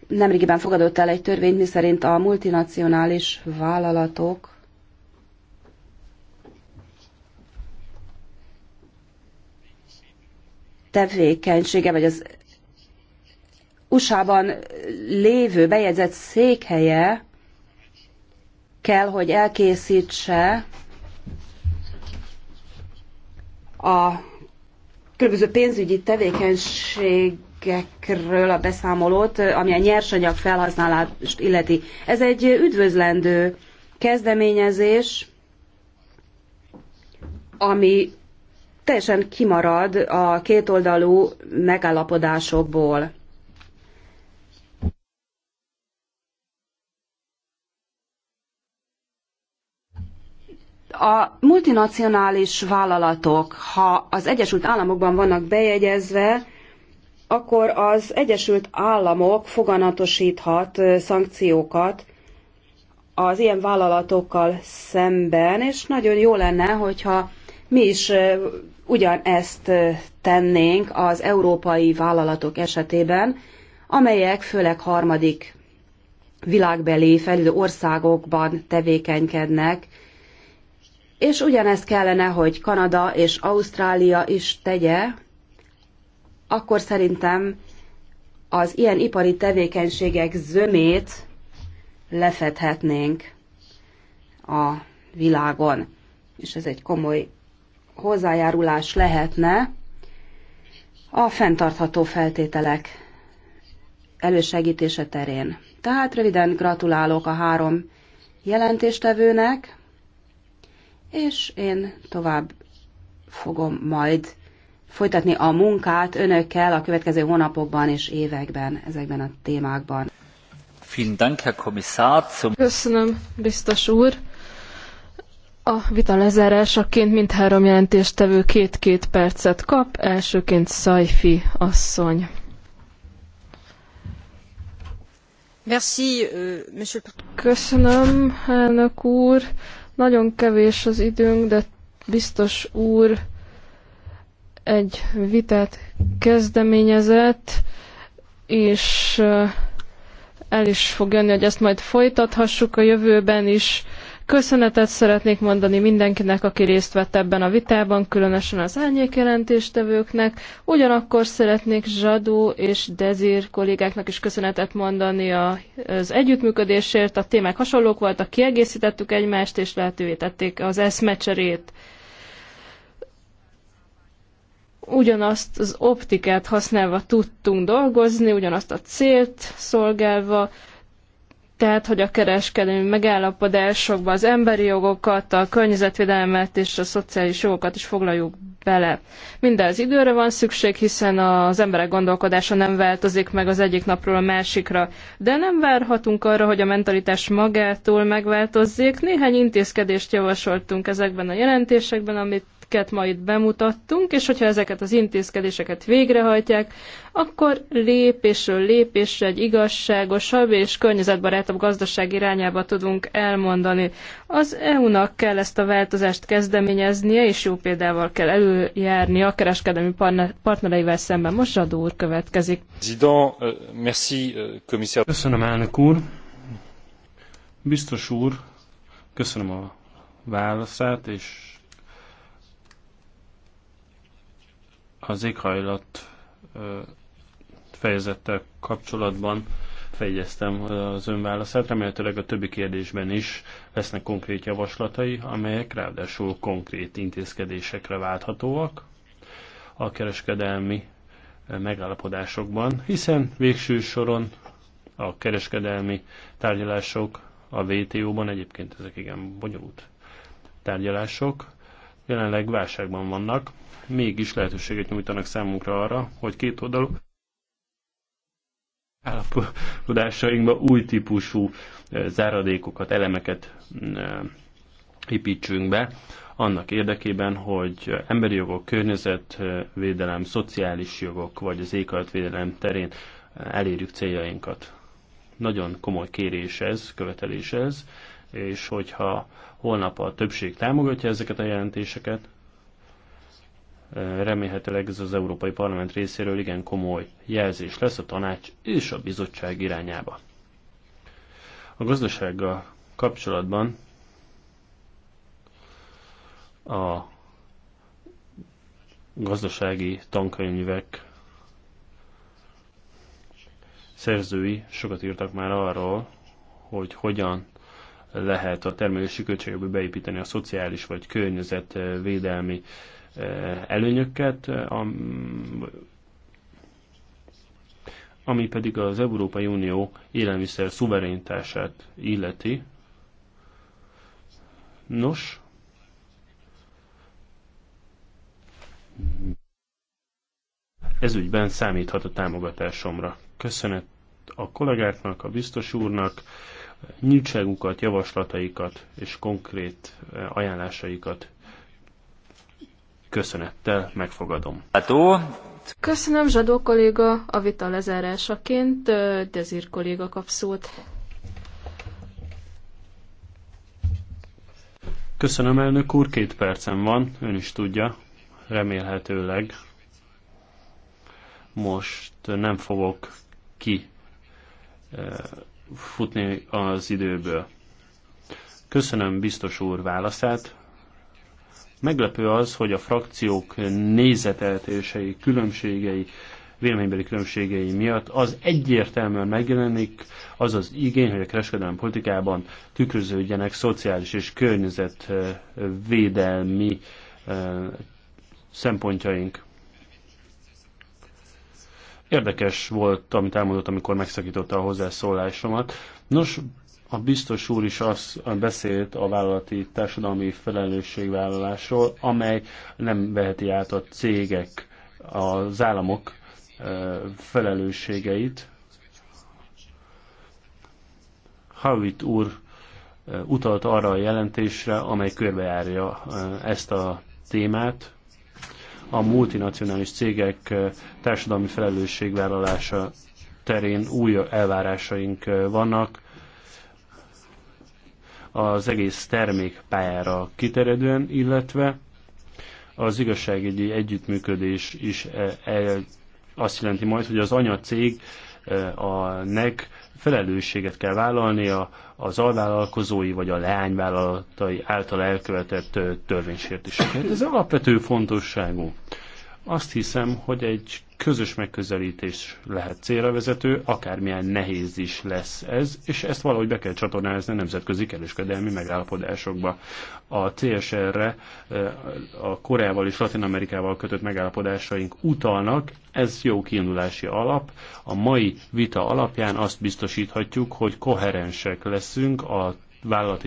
nemrégiben fogadott el egy törvényt, miszerint a multinacionális vállalatok tevékenysége, vagy az USA-ban lévő bejegyzett székhelye kell, hogy elkészítse a különböző pénzügyi tevékenységekről a beszámolót, ami a nyersanyag felhasználást illeti. Ez egy üdvözlendő kezdeményezés, ami teljesen kimarad a kétoldalú megállapodásokból. A multinacionális vállalatok, ha az Egyesült Államokban vannak bejegyezve, akkor az Egyesült Államok foganatosíthat szankciókat az ilyen vállalatokkal szemben, és nagyon jó lenne, hogyha mi is ugyanezt tennénk az európai vállalatok esetében, amelyek főleg harmadik világbeli felülő országokban tevékenykednek, és ugyanezt kellene, hogy Kanada és Ausztrália is tegye, akkor szerintem az ilyen ipari tevékenységek zömét lefedhetnénk a világon. És ez egy komoly hozzájárulás lehetne a fenntartható feltételek elősegítése terén. Tehát röviden gratulálok a három jelentéstevőnek, és én tovább fogom majd folytatni a munkát önökkel a következő hónapokban és években ezekben a témákban. Köszönöm, biztos úr! A vita lezárásaként mindhárom jelentéstevő két-két percet kap, elsőként Szajfi asszony. Merci, euh, monsieur... Köszönöm, elnök úr. Nagyon kevés az időnk, de biztos úr egy vitát kezdeményezett, és el is fog jönni, hogy ezt majd folytathassuk a jövőben is. Köszönetet szeretnék mondani mindenkinek, aki részt vett ebben a vitában, különösen az árnyékjelentéstevőknek. Ugyanakkor szeretnék Zsadó és Dezir kollégáknak is köszönetet mondani az együttműködésért. A témák hasonlók voltak, kiegészítettük egymást, és lehetővé tették az eszmecserét ugyanazt az optikát használva tudtunk dolgozni, ugyanazt a célt szolgálva, tehát, hogy a kereskedelmi megállapodásokba az emberi jogokat, a környezetvédelmet és a szociális jogokat is foglaljuk bele. Mindez időre van szükség, hiszen az emberek gondolkodása nem változik meg az egyik napról a másikra, de nem várhatunk arra, hogy a mentalitás magától megváltozzék. Néhány intézkedést javasoltunk ezekben a jelentésekben, amit amiket ma itt bemutattunk, és hogyha ezeket az intézkedéseket végrehajtják, akkor lépésről lépésre egy igazságosabb és környezetbarátabb gazdaság irányába tudunk elmondani. Az EU-nak kell ezt a változást kezdeményeznie, és jó példával kell előjárni a kereskedelmi partnereivel szemben. Most Zsadó úr következik. Euh, euh, köszönöm, elnök úr. Biztos úr, köszönöm a válaszát, és az éghajlat fejezettel kapcsolatban fejeztem, az ön válaszát. Remélhetőleg a többi kérdésben is lesznek konkrét javaslatai, amelyek ráadásul konkrét intézkedésekre válthatóak a kereskedelmi megállapodásokban, hiszen végső soron a kereskedelmi tárgyalások a WTO-ban egyébként ezek igen bonyolult tárgyalások, jelenleg válságban vannak, mégis lehetőséget nyújtanak számunkra arra, hogy két oldalú állapodásainkba új típusú eh, záradékokat, elemeket eh, építsünk be, annak érdekében, hogy emberi jogok, környezetvédelem, eh, szociális jogok vagy az éghajlatvédelem terén elérjük céljainkat. Nagyon komoly kérés ez, követelés ez, és hogyha holnap a többség támogatja ezeket a jelentéseket, remélhetőleg ez az Európai Parlament részéről igen komoly jelzés lesz a tanács és a bizottság irányába. A gazdasággal kapcsolatban a gazdasági tankönyvek szerzői sokat írtak már arról, hogy hogyan lehet a termelési költségekbe beépíteni a szociális vagy környezetvédelmi Eh, előnyöket, eh, ami pedig az Európai Unió élelmiszer szuverenitását illeti. Nos, ezügyben számíthat a támogatásomra. Köszönet a kollégáknak, a biztos úrnak, nyíltságukat, javaslataikat és konkrét eh, ajánlásaikat köszönettel megfogadom. Köszönöm Zsadó kolléga, a vita lezárásaként Dezir kolléga kap szót. Köszönöm, elnök úr, két percem van, ön is tudja, remélhetőleg. Most nem fogok ki futni az időből. Köszönöm biztos úr válaszát, Meglepő az, hogy a frakciók nézeteltései, különbségei, véleménybeli különbségei miatt az egyértelműen megjelenik, az az igény, hogy a kereskedelmi politikában tükröződjenek szociális és környezetvédelmi eh, szempontjaink. Érdekes volt, amit elmondott, amikor megszakította a hozzászólásomat. Nos, a biztos úr is azt beszélt a vállalati társadalmi felelősségvállalásról, amely nem veheti át a cégek, az államok felelősségeit. Havit úr utalt arra a jelentésre, amely körbejárja ezt a témát. A multinacionális cégek társadalmi felelősségvállalása terén új elvárásaink vannak az egész termékpályára kiterjedően, illetve az igazságügyi együttműködés is e, e, azt jelenti majd, hogy az anyacég e, a nek felelősséget kell vállalnia az alvállalkozói vagy a leányvállalatai által elkövetett törvénysértéseket. Hát ez alapvető fontosságú. Azt hiszem, hogy egy közös megközelítés lehet célra vezető, akármilyen nehéz is lesz ez, és ezt valahogy be kell csatornázni a nemzetközi kereskedelmi megállapodásokba. A CSR-re eh, a Koreával és Latin Amerikával kötött megállapodásaink utalnak, ez jó kiindulási alap. A mai vita alapján azt biztosíthatjuk, hogy koherensek leszünk a vállalati